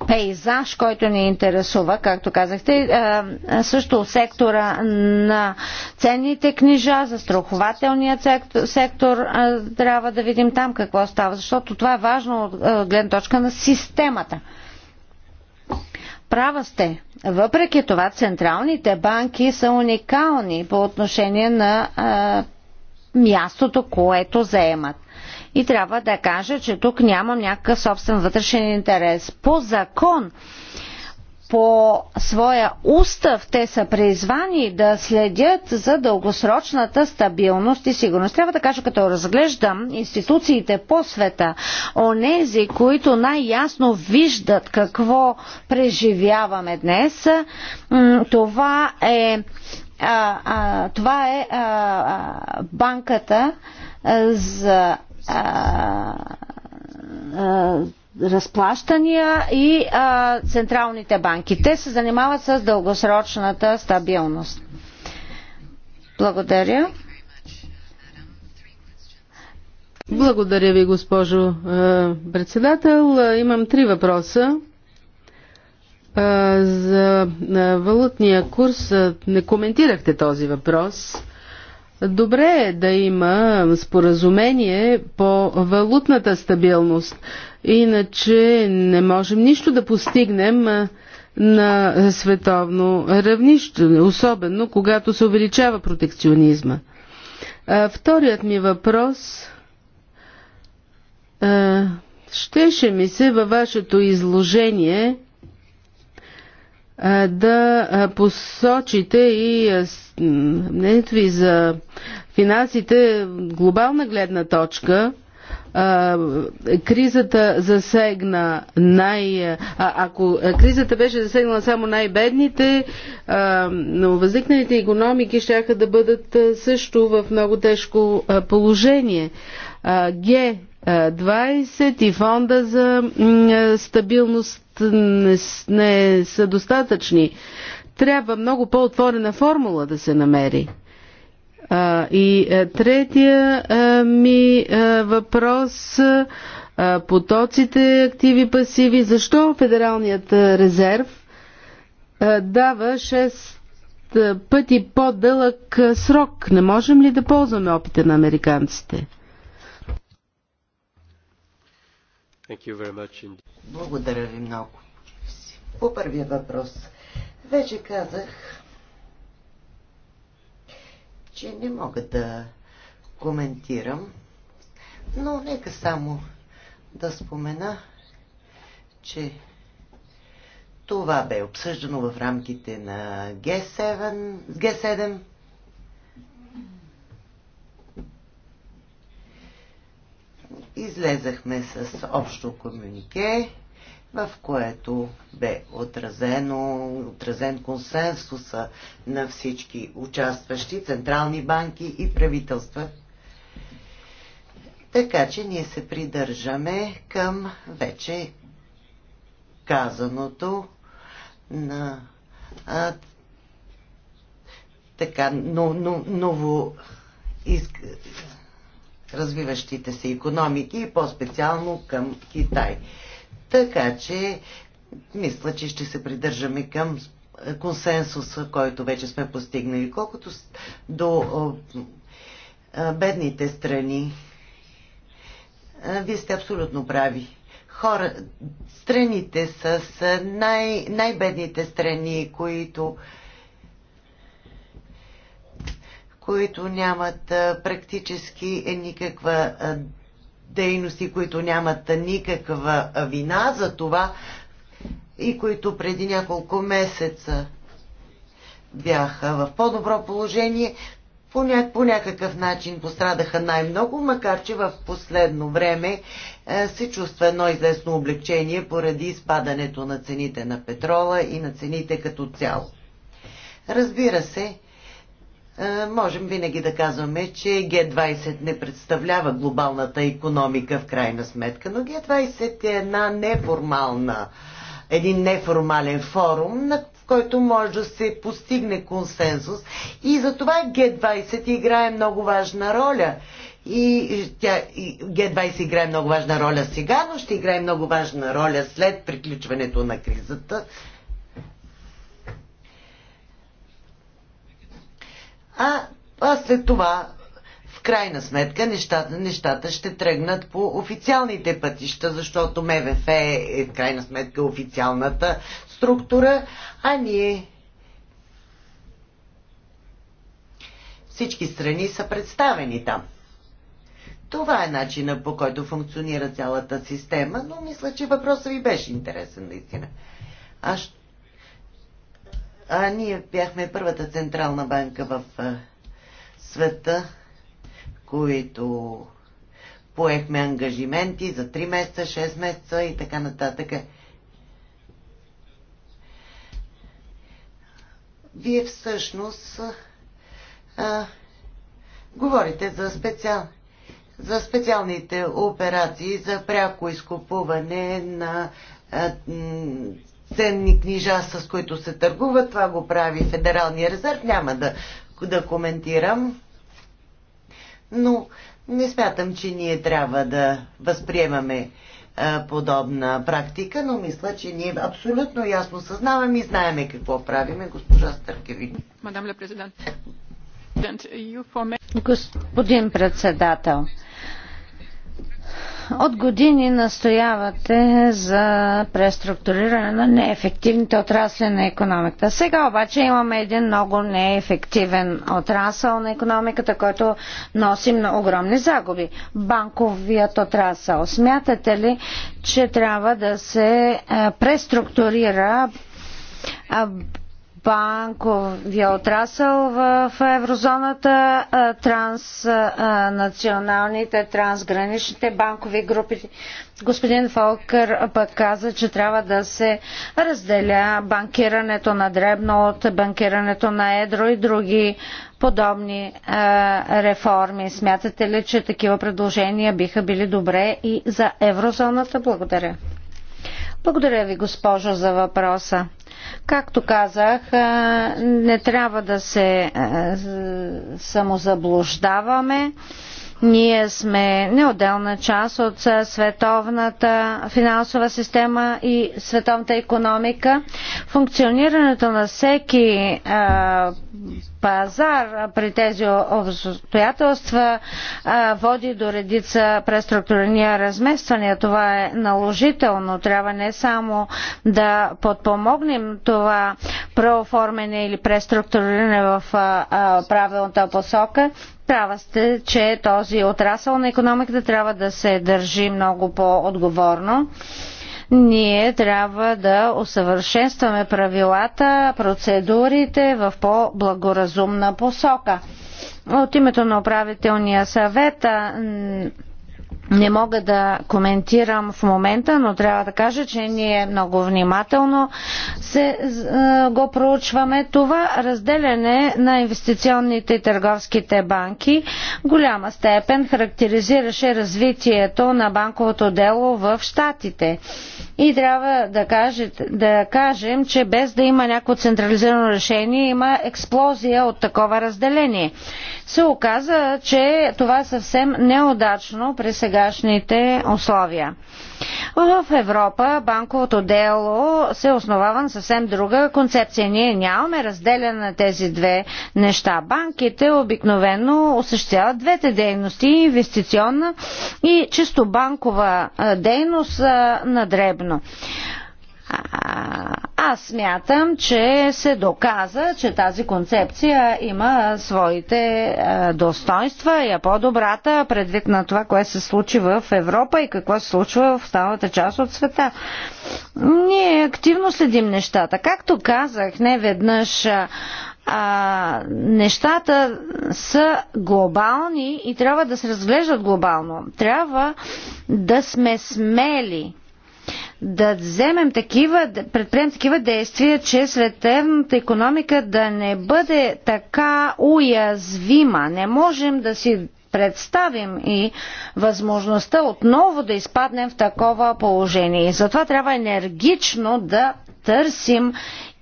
пейзаж, който ни интересува, както казахте, а, също сектора на ценните книжа, застрахователният сектор, сектор а, трябва да видим там какво става, защото това е важно от гледна точка на системата. Права сте. Въпреки това, централните банки са уникални по отношение на а, мястото, което заемат. И трябва да кажа, че тук нямам някакъв собствен вътрешен интерес. По закон по своя устав те са призвани да следят за дългосрочната стабилност и сигурност. Трябва да кажа, като разглеждам институциите по света, онези, които най-ясно виждат какво преживяваме днес, това е, това е банката за разплащания и а, централните банки. Те се занимават с дългосрочната стабилност. Благодаря. Благодаря ви, госпожо председател. Имам три въпроса. За валутния курс не коментирахте този въпрос. Добре е да има споразумение по валутната стабилност. Иначе не можем нищо да постигнем на световно равнище, особено когато се увеличава протекционизма. Вторият ми въпрос щеше ми се във вашето изложение да посочите и мнението ви за финансите глобална гледна точка – кризата засегна най... А, ако кризата беше засегнала само най-бедните, но възникналите економики ще да бъдат също в много тежко положение. Г20 и фонда за стабилност не, не са достатъчни. Трябва много по-отворена формула да се намери. И е, третия е, ми е, въпрос потоците активи пасиви. Защо Федералният резерв дава 6 пъти по-дълъг срок? Не можем ли да ползваме опита на американците? Благодаря ви много. По първия въпрос. Вече казах, че не мога да коментирам, но нека само да спомена, че това бе обсъждано в рамките на G7, G7 излезахме с общо комюнике в което бе отразено, отразен консенсуса на всички участващи, централни банки и правителства. Така че ние се придържаме към вече казаното на а, така, но, но, ново из, развиващите се економики и по-специално към Китай. Така че мисля, че ще се придържаме към консенсус, който вече сме постигнали. Колкото до бедните страни, вие сте абсолютно прави. Хора, страните с най- най-бедните страни, които които нямат практически е, никаква дейности, които нямат никаква вина за това и които преди няколко месеца бяха в по-добро положение, по, ня- по някакъв начин пострадаха най-много, макар че в последно време е, се чувства едно известно облегчение поради спадането на цените на петрола и на цените като цяло. Разбира се, е, можем винаги да казваме, че Г20 не представлява глобалната економика в крайна сметка, но Г20 е една неформална, един неформален форум, на който може да се постигне консенсус. И затова Г20 играе много важна роля. И тя, и Г20 играе много важна роля сега, но ще играе много важна роля след приключването на кризата а, а след това в крайна сметка нещата, нещата ще тръгнат по официалните пътища, защото МВФ е, е в крайна сметка официалната структура, а ние всички страни са представени там. Това е начина по който функционира цялата система, но мисля, че въпросът ви беше интересен наистина. А а ние бяхме първата централна банка в света, които поехме ангажименти за 3 месеца, 6 месеца и така нататък. Вие всъщност а, говорите за, специал, за специалните операции за пряко изкупуване на а, ценни книжа, с които се търгува. Това го прави Федералния резерв. Няма да, да коментирам. Но не смятам, че ние трябва да възприемаме а, подобна практика, но мисля, че ние абсолютно ясно съзнаваме и знаеме какво правиме, госпожа Стъркеви. Мадам ле президент. Господин председател, от години настоявате за преструктуриране на неефективните отрасли на економиката. Сега обаче имаме един много неефективен отрасъл на економиката, който носи много огромни загуби. Банковият отрасъл. Смятате ли, че трябва да се е, преструктурира банковия отрасъл в еврозоната, транснационалните, трансграничните банкови групи. Господин Фолкър пък каза, че трябва да се разделя банкирането на дребно от банкирането на едро и други подобни реформи. Смятате ли, че такива предложения биха били добре и за еврозоната? Благодаря. Благодаря ви, госпожо, за въпроса. Както казах, не трябва да се самозаблуждаваме. Ние сме неотделна част от световната финансова система и световната економика. Функционирането на всеки а, пазар при тези обстоятелства а, води до редица преструктурния размествания. Това е наложително. Трябва не само да подпомогнем това преоформене или преструктуриране в а, правилната посока, Права сте, че този отрасъл на економиката трябва да се държи много по-отговорно. Ние трябва да усъвършенстваме правилата, процедурите в по-благоразумна посока. От името на управителния съвет не мога да коментирам в момента, но трябва да кажа, че ние много внимателно се, го проучваме. Това разделяне на инвестиционните и търговските банки голяма степен характеризираше развитието на банковото дело в Штатите. И трябва да, каже, да кажем, че без да има някакво централизирано решение, има експлозия от такова разделение. Се оказа, че това е съвсем неудачно при сега сегашните условия. В Европа банковото дело се основава на съвсем друга концепция. Ние нямаме разделяне на тези две неща. Банките обикновено осъществяват двете дейности инвестиционна и чисто банкова дейност на дребно аз смятам, че се доказа, че тази концепция има своите а, достоинства и е по-добрата предвид на това, което се случи в Европа и какво се случва в останалата част от света. Ние активно следим нещата. Както казах, не веднъж а, нещата са глобални и трябва да се разглеждат глобално. Трябва да сме смели да вземем такива, да предприемем такива действия, че световната економика да не бъде така уязвима. Не можем да си представим и възможността отново да изпаднем в такова положение. И затова трябва енергично да търсим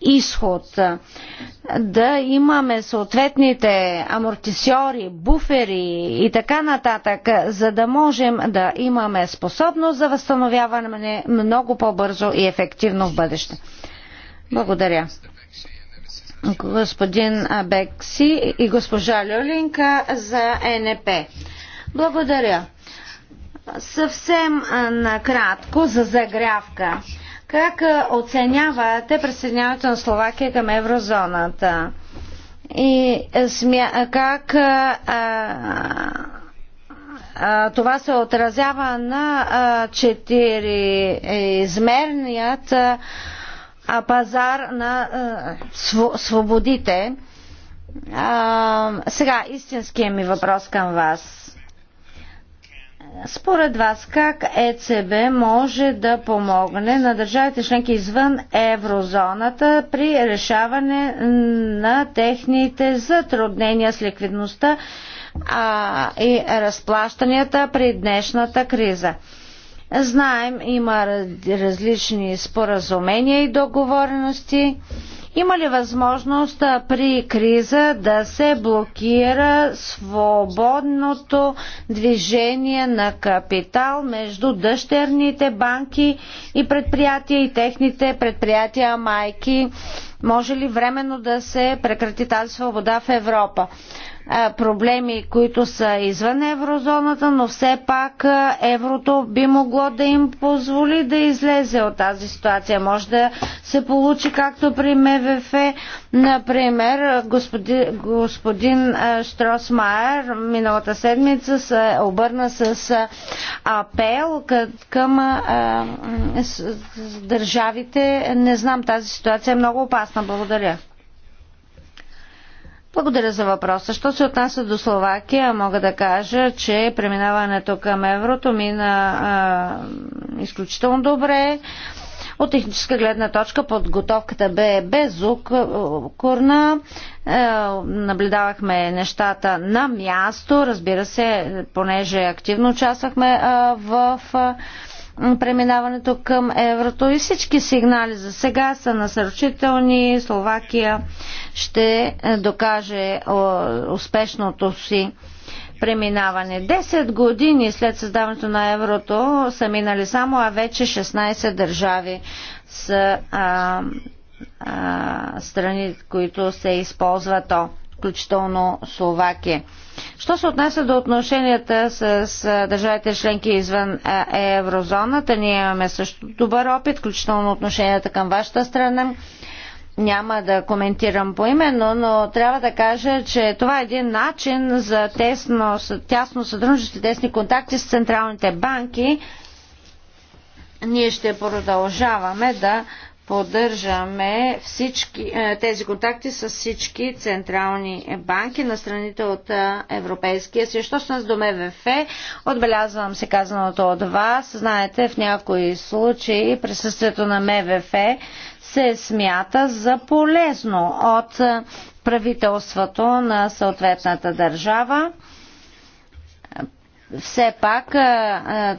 изход, да имаме съответните амортисьори, буфери и така нататък, за да можем да имаме способност за възстановяване много по-бързо и ефективно в бъдеще. Благодаря. Господин Бекси и госпожа Люлинка за НП. Благодаря. Съвсем накратко за загрявка. Как оценявате присъединяването на Словакия към еврозоната? И смя... как а, а, това се отразява на четири четириизмерният а, пазар на а, св... свободите? А, сега, истинският ми въпрос към вас според вас как ЕЦБ може да помогне на държавите членки извън еврозоната при решаване на техните затруднения с ликвидността а, и разплащанията при днешната криза? Знаем, има различни споразумения и договорености има ли възможност при криза да се блокира свободното движение на капитал между дъщерните банки и предприятия и техните предприятия майки? Може ли временно да се прекрати тази свобода в Европа? Проблеми, които са извън еврозоната, но все пак еврото би могло да им позволи да излезе от тази ситуация. Може да се получи както при МВФ, например, господи, господин Штросмайер миналата седмица се обърна с апел към държавите. Не знам, тази ситуация е много опасна ясна. Благодаря. Благодаря за въпроса. Що се отнася до Словакия, мога да кажа, че преминаването към еврото мина а, изключително добре. От техническа гледна точка подготовката бе безукорна. Е, наблюдавахме нещата на място, разбира се, понеже активно участвахме в преминаването към еврото и всички сигнали за сега са насърчителни. Словакия ще е, докаже успешното си преминаване. 10 години след създаването на еврото са минали само, а вече 16 държави са а, а, страни, които се използва то включително Словакия. Що се отнася до отношенията с, държавите членки извън еврозоната, ние имаме също добър опит, включително отношенията към вашата страна. Няма да коментирам поименно, но трябва да кажа, че това е един начин за тесно, тясно съдружество, тесни контакти с централните банки. Ние ще продължаваме да поддържаме всички, е, тези контакти с всички централни банки на страните от е, Европейския съюз. Що с до МВФ, отбелязвам се казаното от вас. Знаете, в някои случаи присъствието на МВФ се смята за полезно от е, правителството на съответната държава все пак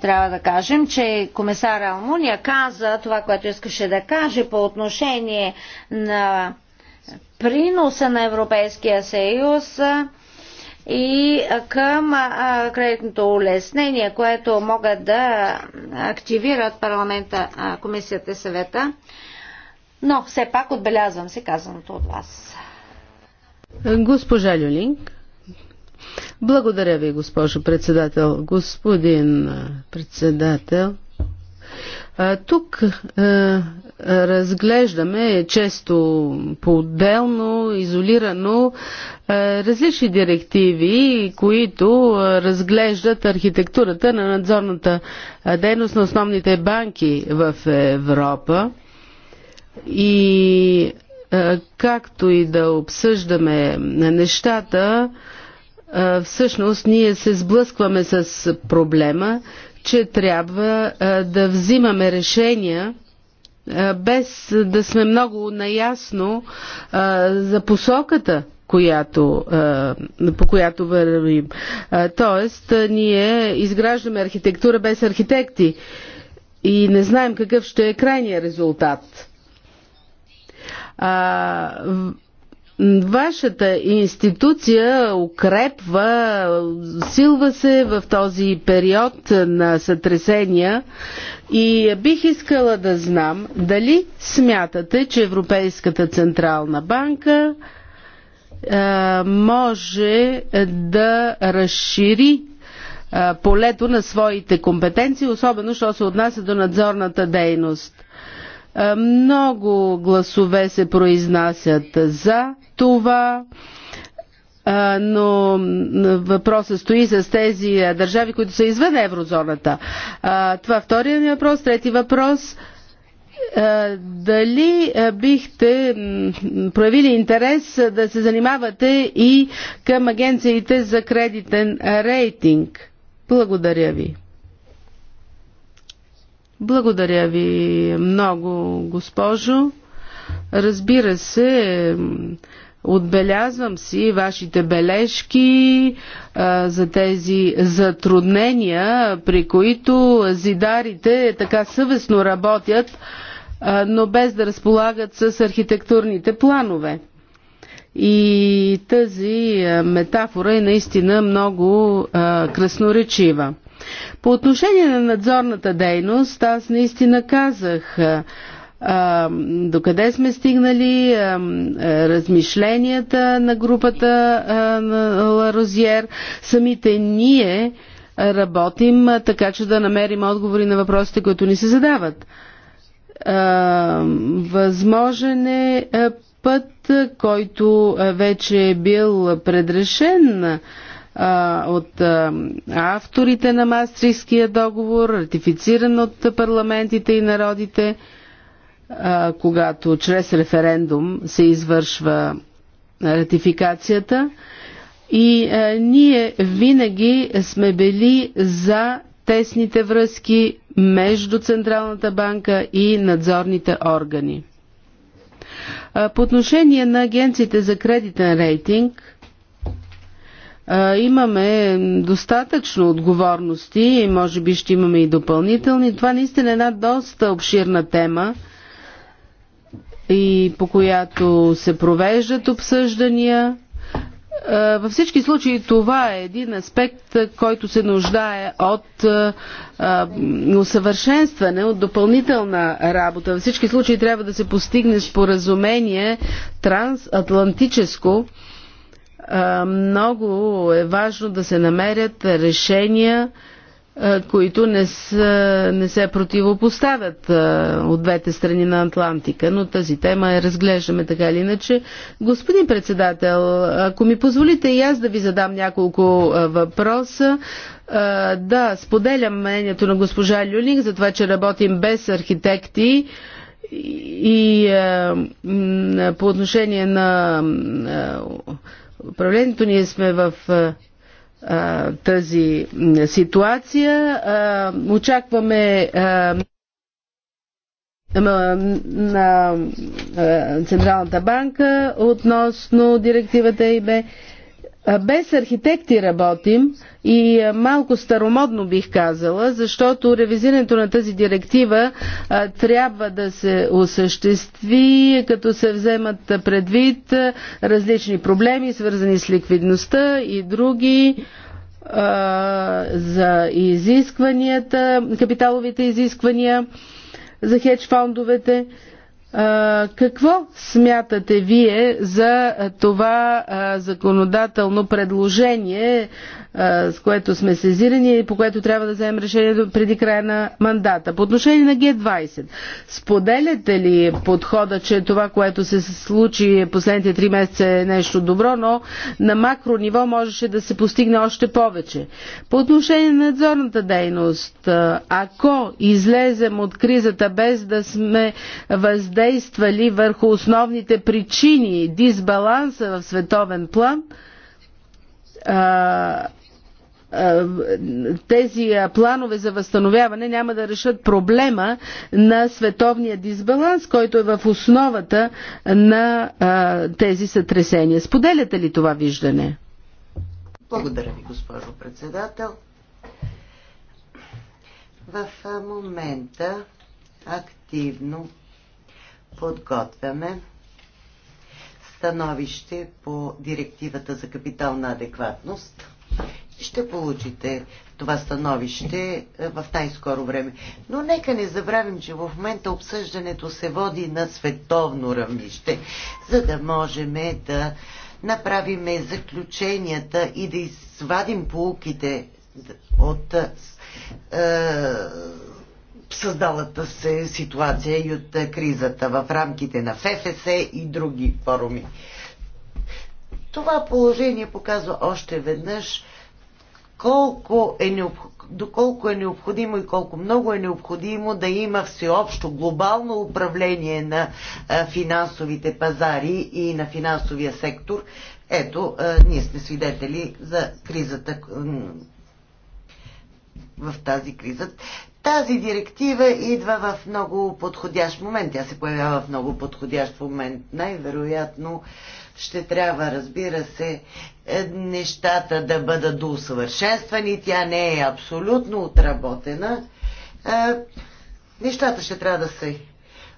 трябва да кажем, че комисар Алмуния каза това, което искаше да каже по отношение на приноса на Европейския съюз и към кредитното улеснение, което могат да активират парламента, комисията и съвета. Но все пак отбелязвам се казаното от вас. Госпожа Люлинг. Благодаря ви, госпожо председател. Господин председател, тук разглеждаме често по-отделно, изолирано различни директиви, които разглеждат архитектурата на надзорната дейност на основните банки в Европа. И както и да обсъждаме нещата, всъщност ние се сблъскваме с проблема, че трябва да взимаме решения без да сме много наясно за посоката, която, по която вървим. Тоест, ние изграждаме архитектура без архитекти и не знаем какъв ще е крайният резултат. Вашата институция укрепва, силва се в този период на сътресения и бих искала да знам дали смятате, че Европейската Централна банка може да разшири полето на своите компетенции, особено що се отнася до надзорната дейност. Е, много гласове се произнасят за това, е, но въпросът стои с тези е, държави, които са извън еврозоната. Това втория ми въпрос. Трети въпрос дали бихте проявили интерес да се занимавате и към агенциите за кредитен рейтинг? Благодаря ви. Благодаря ви много, госпожо. Разбира се, отбелязвам си вашите бележки а, за тези затруднения, при които зидарите така съвестно работят, а, но без да разполагат с архитектурните планове. И тази метафора е наистина много а, красноречива. По отношение на надзорната дейност, аз наистина казах, докъде сме стигнали, размишленията на групата на Ларозиер, самите ние работим така, че да намерим отговори на въпросите, които ни се задават. Възможен е път, който вече е бил предрешен а, от а, авторите на Мастрийския договор, ратифициран от парламентите и народите, а, когато чрез референдум се извършва ратификацията. И а, ние винаги сме били за тесните връзки между Централната банка и надзорните органи. По отношение на агенциите за кредитен рейтинг – имаме достатъчно отговорности и може би ще имаме и допълнителни. Това наистина е една доста обширна тема и по която се провеждат обсъждания. Във всички случаи това е един аспект, който се нуждае от усъвършенстване, от допълнителна работа. Във всички случаи трябва да се постигне споразумение трансатлантическо, много е важно да се намерят решения, които не, са, не се противопоставят от двете страни на Атлантика, но тази тема я разглеждаме така или иначе. Господин председател, ако ми позволите и аз да ви задам няколко въпроса, да, споделям мнението на госпожа Люлинг за това, че работим без архитекти и по отношение на управлението. Ние сме в а, тази ситуация. А, очакваме а, на Централната банка относно директивата ИБ. Без архитекти работим, и е, малко старомодно бих казала, защото ревизирането на тази директива а, е, трябва да се осъществи, като се вземат предвид е, различни проблеми, свързани с ликвидността и други а, за изискванията, капиталовите изисквания за хедж фондовете. Какво смятате вие за това законодателно предложение с което сме сезирани и по което трябва да вземем решение преди края на мандата. По отношение на Г20, споделяте ли подхода, че това, което се случи последните три месеца е нещо добро, но на макро ниво можеше да се постигне още повече? По отношение на надзорната дейност, ако излезем от кризата без да сме въздействали върху основните причини, дисбаланса в световен план, тези планове за възстановяване няма да решат проблема на световния дисбаланс, който е в основата на тези сътресения. Споделяте ли това виждане? Благодаря ви, госпожо председател. В момента активно подготвяме становище по директивата за капитална адекватност ще получите това становище е, в най-скоро време. Но нека не забравим, че в момента обсъждането се води на световно равнище, за да можем да направим заключенията и да извадим полуките от е, създалата се ситуация и от е, кризата в рамките на ФФС и други форуми. Това положение показва още веднъж колко е необходимо доколко е необходимо и колко много е необходимо да има всеобщо глобално управление на финансовите пазари и на финансовия сектор. Ето, ние сме свидетели за кризата, в тази криза. Тази директива идва в много подходящ момент. Тя се появява в много подходящ момент. Най-вероятно ще трябва, разбира се, е, нещата да бъдат доусъвършенствани. Тя не е абсолютно отработена. Е, нещата ще трябва да се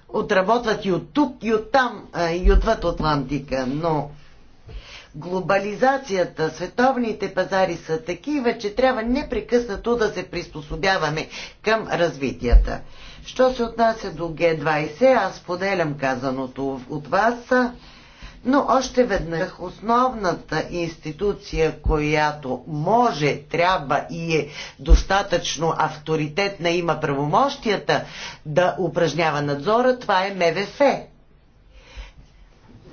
отработват и от тук, и от там, е, и отвъд Атлантика. Но глобализацията, световните пазари са такива, че трябва непрекъснато да се приспособяваме към развитията. Що се отнася до Г20, аз поделям казаното от вас, но още веднъж основната институция, която може, трябва и е достатъчно авторитетна, има правомощията да упражнява надзора, това е МВФ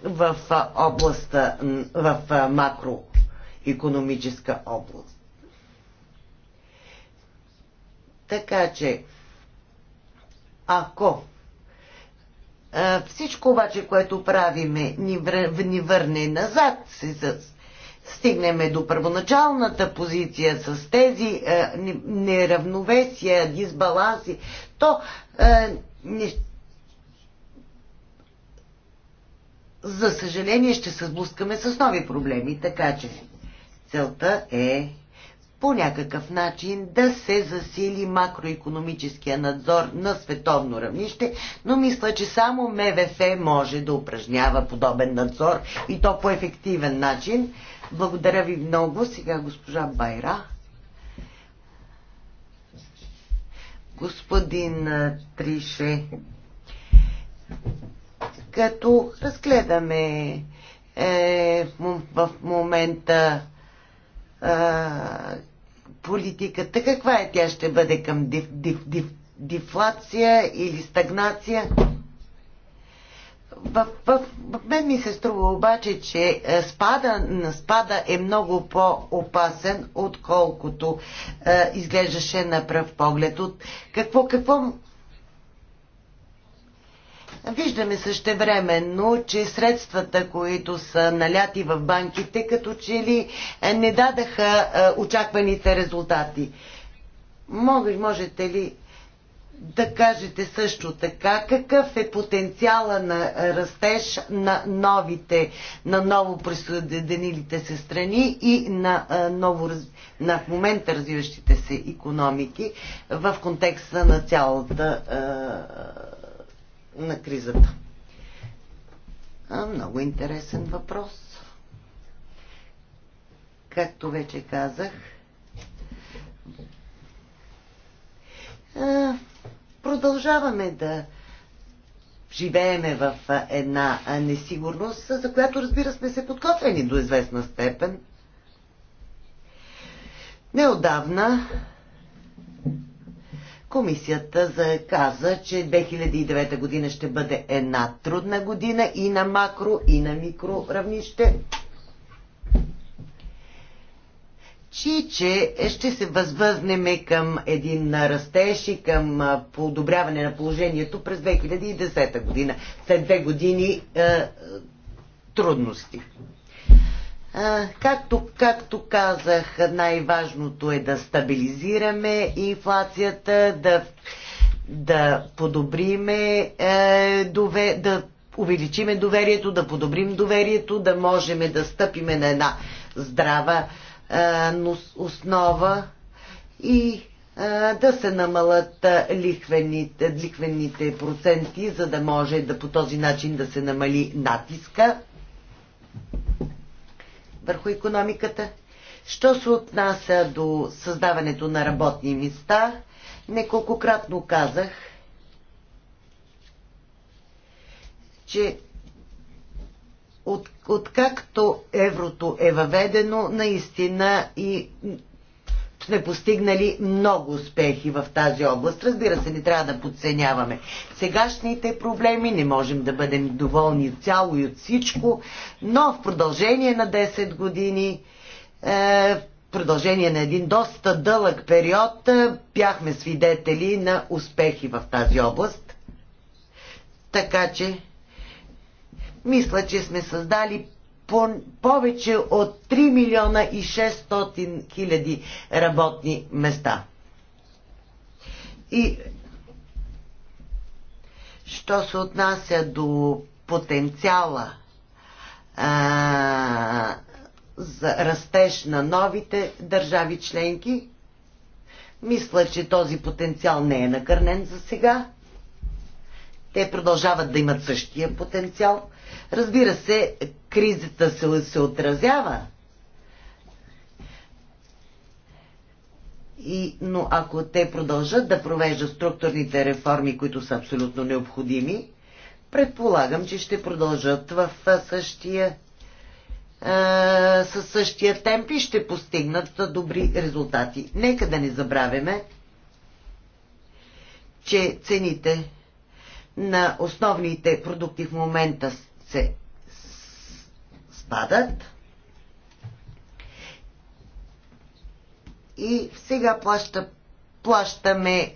в областта, в макроекономическа област. Така че, ако всичко обаче, което правиме, ни, върне назад, стигнеме до първоначалната позиция с тези неравновесия, дисбаланси, то за съжаление ще се сблъскаме с нови проблеми, така че целта е по някакъв начин да се засили макроекономическия надзор на световно равнище, но мисля, че само МВФ може да упражнява подобен надзор и то по ефективен начин. Благодаря ви много. Сега госпожа Байра. Господин Трише, като разгледаме е, в момента е, политиката, каква е тя ще бъде към диф, диф, диф, дифлация или стагнация? В, в, в мен ми се струва обаче, че е, спада на спада е много по-опасен, отколкото е, изглеждаше на пръв поглед. От какво, какво Виждаме същевременно, че средствата, които са наляти в банките, като че ли е, не дадаха е, очакваните резултати. можете ли да кажете също така какъв е потенциала на растеж на новите, на ново присъединилите се страни и на, е, ново, на в момента развиващите се економики в контекста на цялата на кризата. А, много интересен въпрос. Както вече казах, продължаваме да живееме в една несигурност, за която, разбира, сме се подготвени до известна степен. Неодавна Комисията за каза, че 2009 година ще бъде една трудна година и на макро, и на микро равнище. Чи, че ще се възвъзнеме към един растеж и към подобряване на положението през 2010 година, след две години е, трудности. Както, както казах, най-важното е да стабилизираме инфлацията, да, да подобриме е, дове, да увеличиме доверието, да подобрим доверието, да можем да стъпиме на една здрава е, основа и е, да се намалят е, лихвените, лихвените проценти, за да може да по този начин да се намали натиска върху економиката. Що се отнася до създаването на работни места, неколкократно казах, че от, откакто еврото е въведено, наистина и сме постигнали много успехи в тази област. Разбира се, не трябва да подценяваме сегашните проблеми, не можем да бъдем доволни от цяло и от всичко, но в продължение на 10 години, е, в продължение на един доста дълъг период, е, бяхме свидетели на успехи в тази област. Така че, мисля, че сме създали по повече от 3 милиона и 600 хиляди работни места. И що се отнася до потенциала а, за растеж на новите държави членки, мисля, че този потенциал не е накърнен за сега. Те продължават да имат същия потенциал Разбира се, кризата се, се отразява. И, но ако те продължат да провеждат структурните реформи, които са абсолютно необходими, предполагам, че ще продължат в същия със същия темп и ще постигнат добри резултати. Нека да не забравяме, че цените на основните продукти в момента се спадат. И сега плаща, плащаме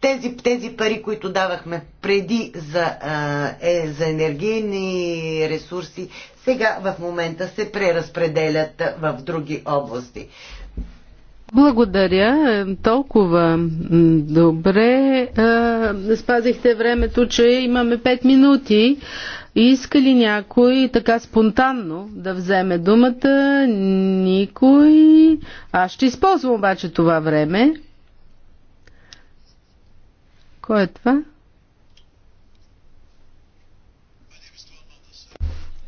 тези, тези пари, които давахме преди за, е, за енергийни ресурси, сега в момента се преразпределят в други области. Благодаря. Е, толкова добре е, спазихте времето, че имаме 5 минути. Иска ли някой така спонтанно да вземе думата? Никой. Аз ще използвам обаче това време. Кой е това?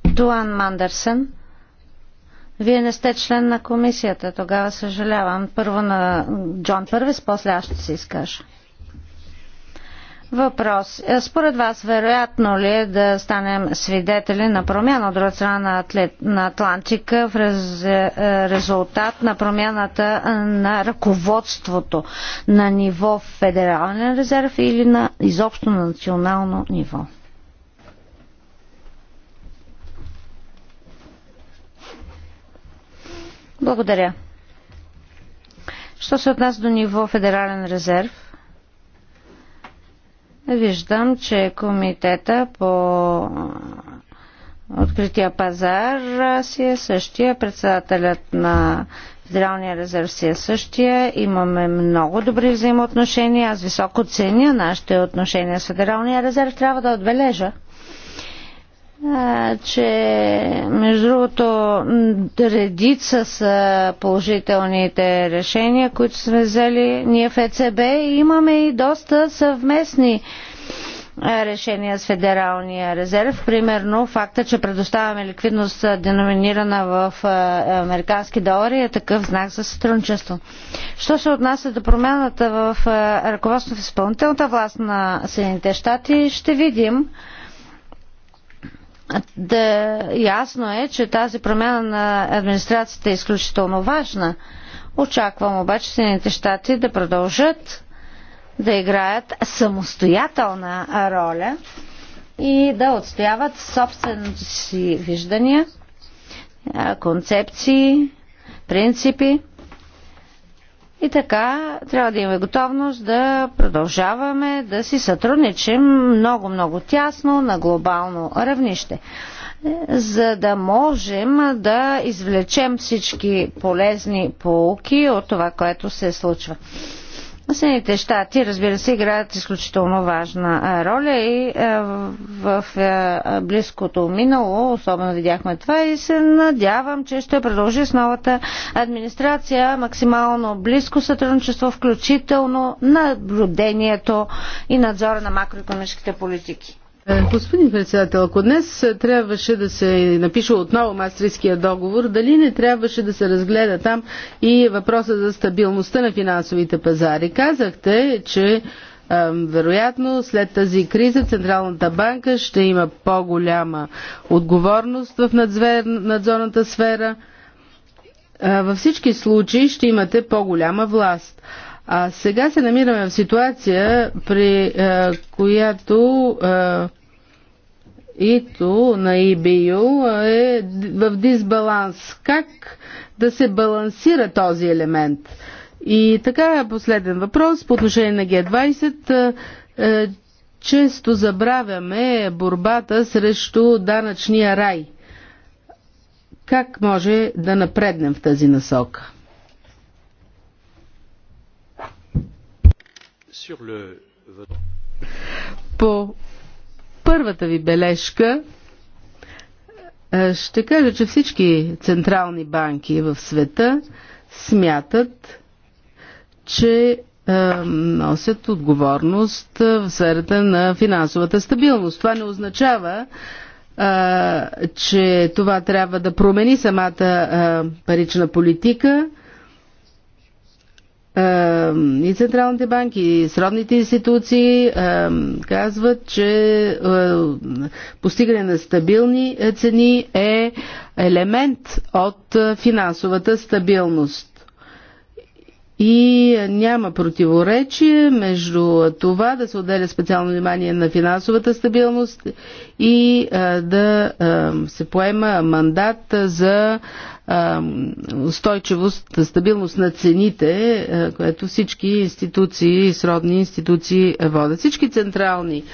Дуан Мандерсън. Вие не сте член на комисията, тогава съжалявам. Първо на Джон Първис, после аз ще се изкажа. Въпрос. Е, според вас, вероятно ли е да станем свидетели на промяна от друга страна на, атлет, на Атлантика в рез, е, резултат на промяната е, на ръководството на ниво Федерален резерв или на изобщо на национално ниво? Благодаря. Що се отнася до ниво Федерален резерв, виждам, че комитета по открития пазар си е същия, председателят на Федералния резерв си е същия. Имаме много добри взаимоотношения. Аз високо ценя нашите отношения с Федералния резерв. Трябва да отбележа, че между другото редица са положителните решения, които сме взели ние в ЕЦБ. Имаме и доста съвместни решения с Федералния резерв. Примерно факта, че предоставяме ликвидност деноминирана в американски долари е такъв знак за сътрудничество. Що се отнася до промяната в ръководството в изпълнителната власт на Съединените щати, ще видим да, ясно е, че тази промяна на администрацията е изключително важна. Очаквам обаче Съединените щати да продължат да играят самостоятелна роля и да отстояват собствените си виждания, концепции, принципи. И така, трябва да имаме готовност да продължаваме да си сътрудничим много-много тясно на глобално равнище, за да можем да извлечем всички полезни полуки от това, което се случва. Съединените щати, разбира се, играят изключително важна роля и в близкото минало, особено видяхме това и се надявам, че ще продължи с новата администрация максимално близко сътрудничество, включително наблюдението и надзора на макроекономическите политики. Е, господин председател, ако днес трябваше да се напише отново мастрийския договор, дали не трябваше да се разгледа там и въпроса за стабилността на финансовите пазари? Казахте, че вероятно след тази криза Централната банка ще има по-голяма отговорност в надзорната сфера. Във всички случаи ще имате по-голяма власт. А сега се намираме в ситуация, при е, която е, ИТО на ИБИО е в дисбаланс. Как да се балансира този елемент? И така, последен въпрос по отношение на Г20. Е, е, често забравяме борбата срещу данъчния рай. Как може да напреднем в тази насока? По първата ви бележка е, ще кажа, че всички централни банки в света смятат, че е, носят отговорност е, в сферата на финансовата стабилност. Това не означава, че това трябва да промени самата парична политика, и централните банки, и сродните институции казват, че постигане на стабилни е, цени е елемент от финансовата стабилност. И няма противоречие между това да се отделя специално внимание на финансовата стабилност и да се поема мандат за устойчивост, стабилност на цените, което всички институции, сродни институции водят. Всички централни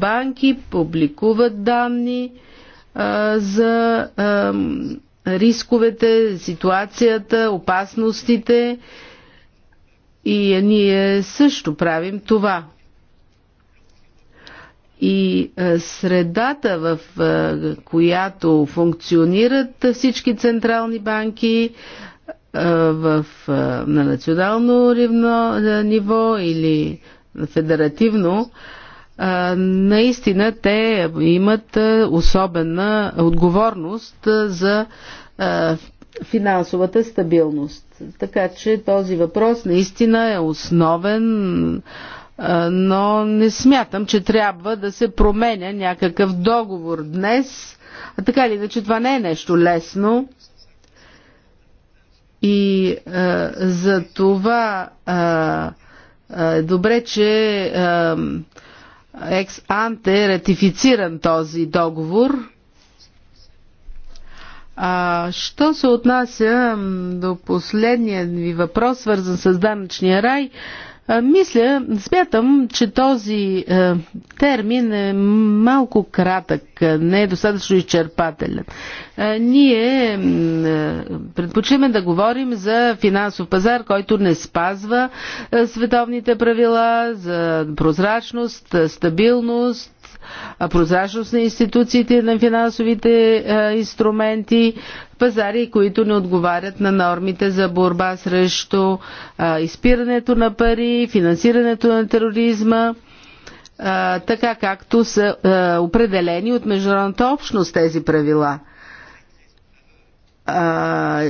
банки публикуват данни за рисковете, ситуацията, опасностите и ние също правим това и е, средата, в е, която функционират всички централни банки е, в, на национално ривно, ниво или федеративно, наистина те имат особена отговорност за финансовата стабилност. Така че този въпрос наистина е основен но не смятам, че трябва да се променя някакъв договор днес. А така ли, иначе това не е нещо лесно. И а, за това а, а, е добре, че екс анте е ратифициран този договор. А, що се отнася до последния ви въпрос, свързан с данъчния рай, а, мисля, смятам, че този термин е малко кратък, не е достатъчно изчерпателен. Ние предпочитаме да говорим за финансов пазар, който не спазва световните правила за прозрачност, стабилност, прозрачност на институциите, на финансовите инструменти, пазари, които не отговарят на нормите за борба срещу изпирането на пари, финансирането на тероризма така както са а, определени от международната общност тези правила. А,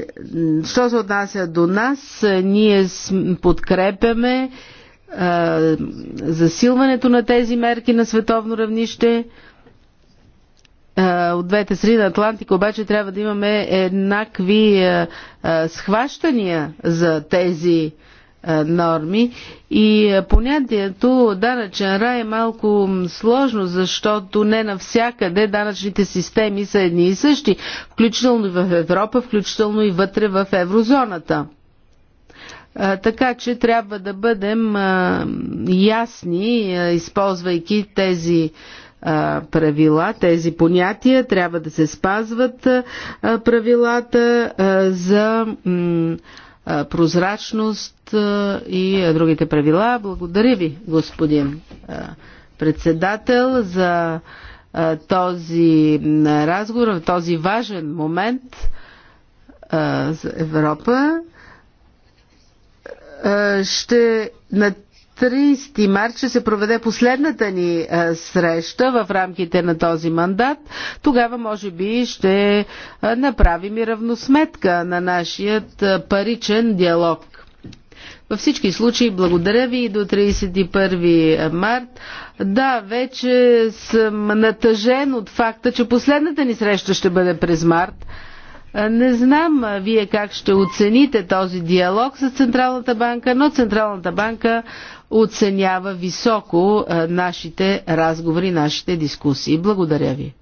що се отнася до нас, ние подкрепяме засилването на тези мерки на световно равнище. От двете среди на Атлантика обаче трябва да имаме еднакви схващания за тези норми и понятието данъчен рай е малко сложно, защото не навсякъде данъчните системи са едни и същи, включително и в Европа, включително и вътре в еврозоната. Така че трябва да бъдем ясни, използвайки тези правила, тези понятия, трябва да се спазват правилата за прозрачност и другите правила. Благодаря ви, господин председател, за този разговор, този важен момент за Европа. Е, ще на 30 март ще се проведе последната ни е, среща в рамките на този мандат. Тогава може би ще е, направим и равносметка на нашият паричен диалог. Във всички случаи благодаря ви и до 31 март. Да, вече съм натъжен от факта, че последната ни среща ще бъде през март. Не знам вие как ще оцените този диалог с Централната банка, но Централната банка оценява високо нашите разговори, нашите дискусии. Благодаря ви.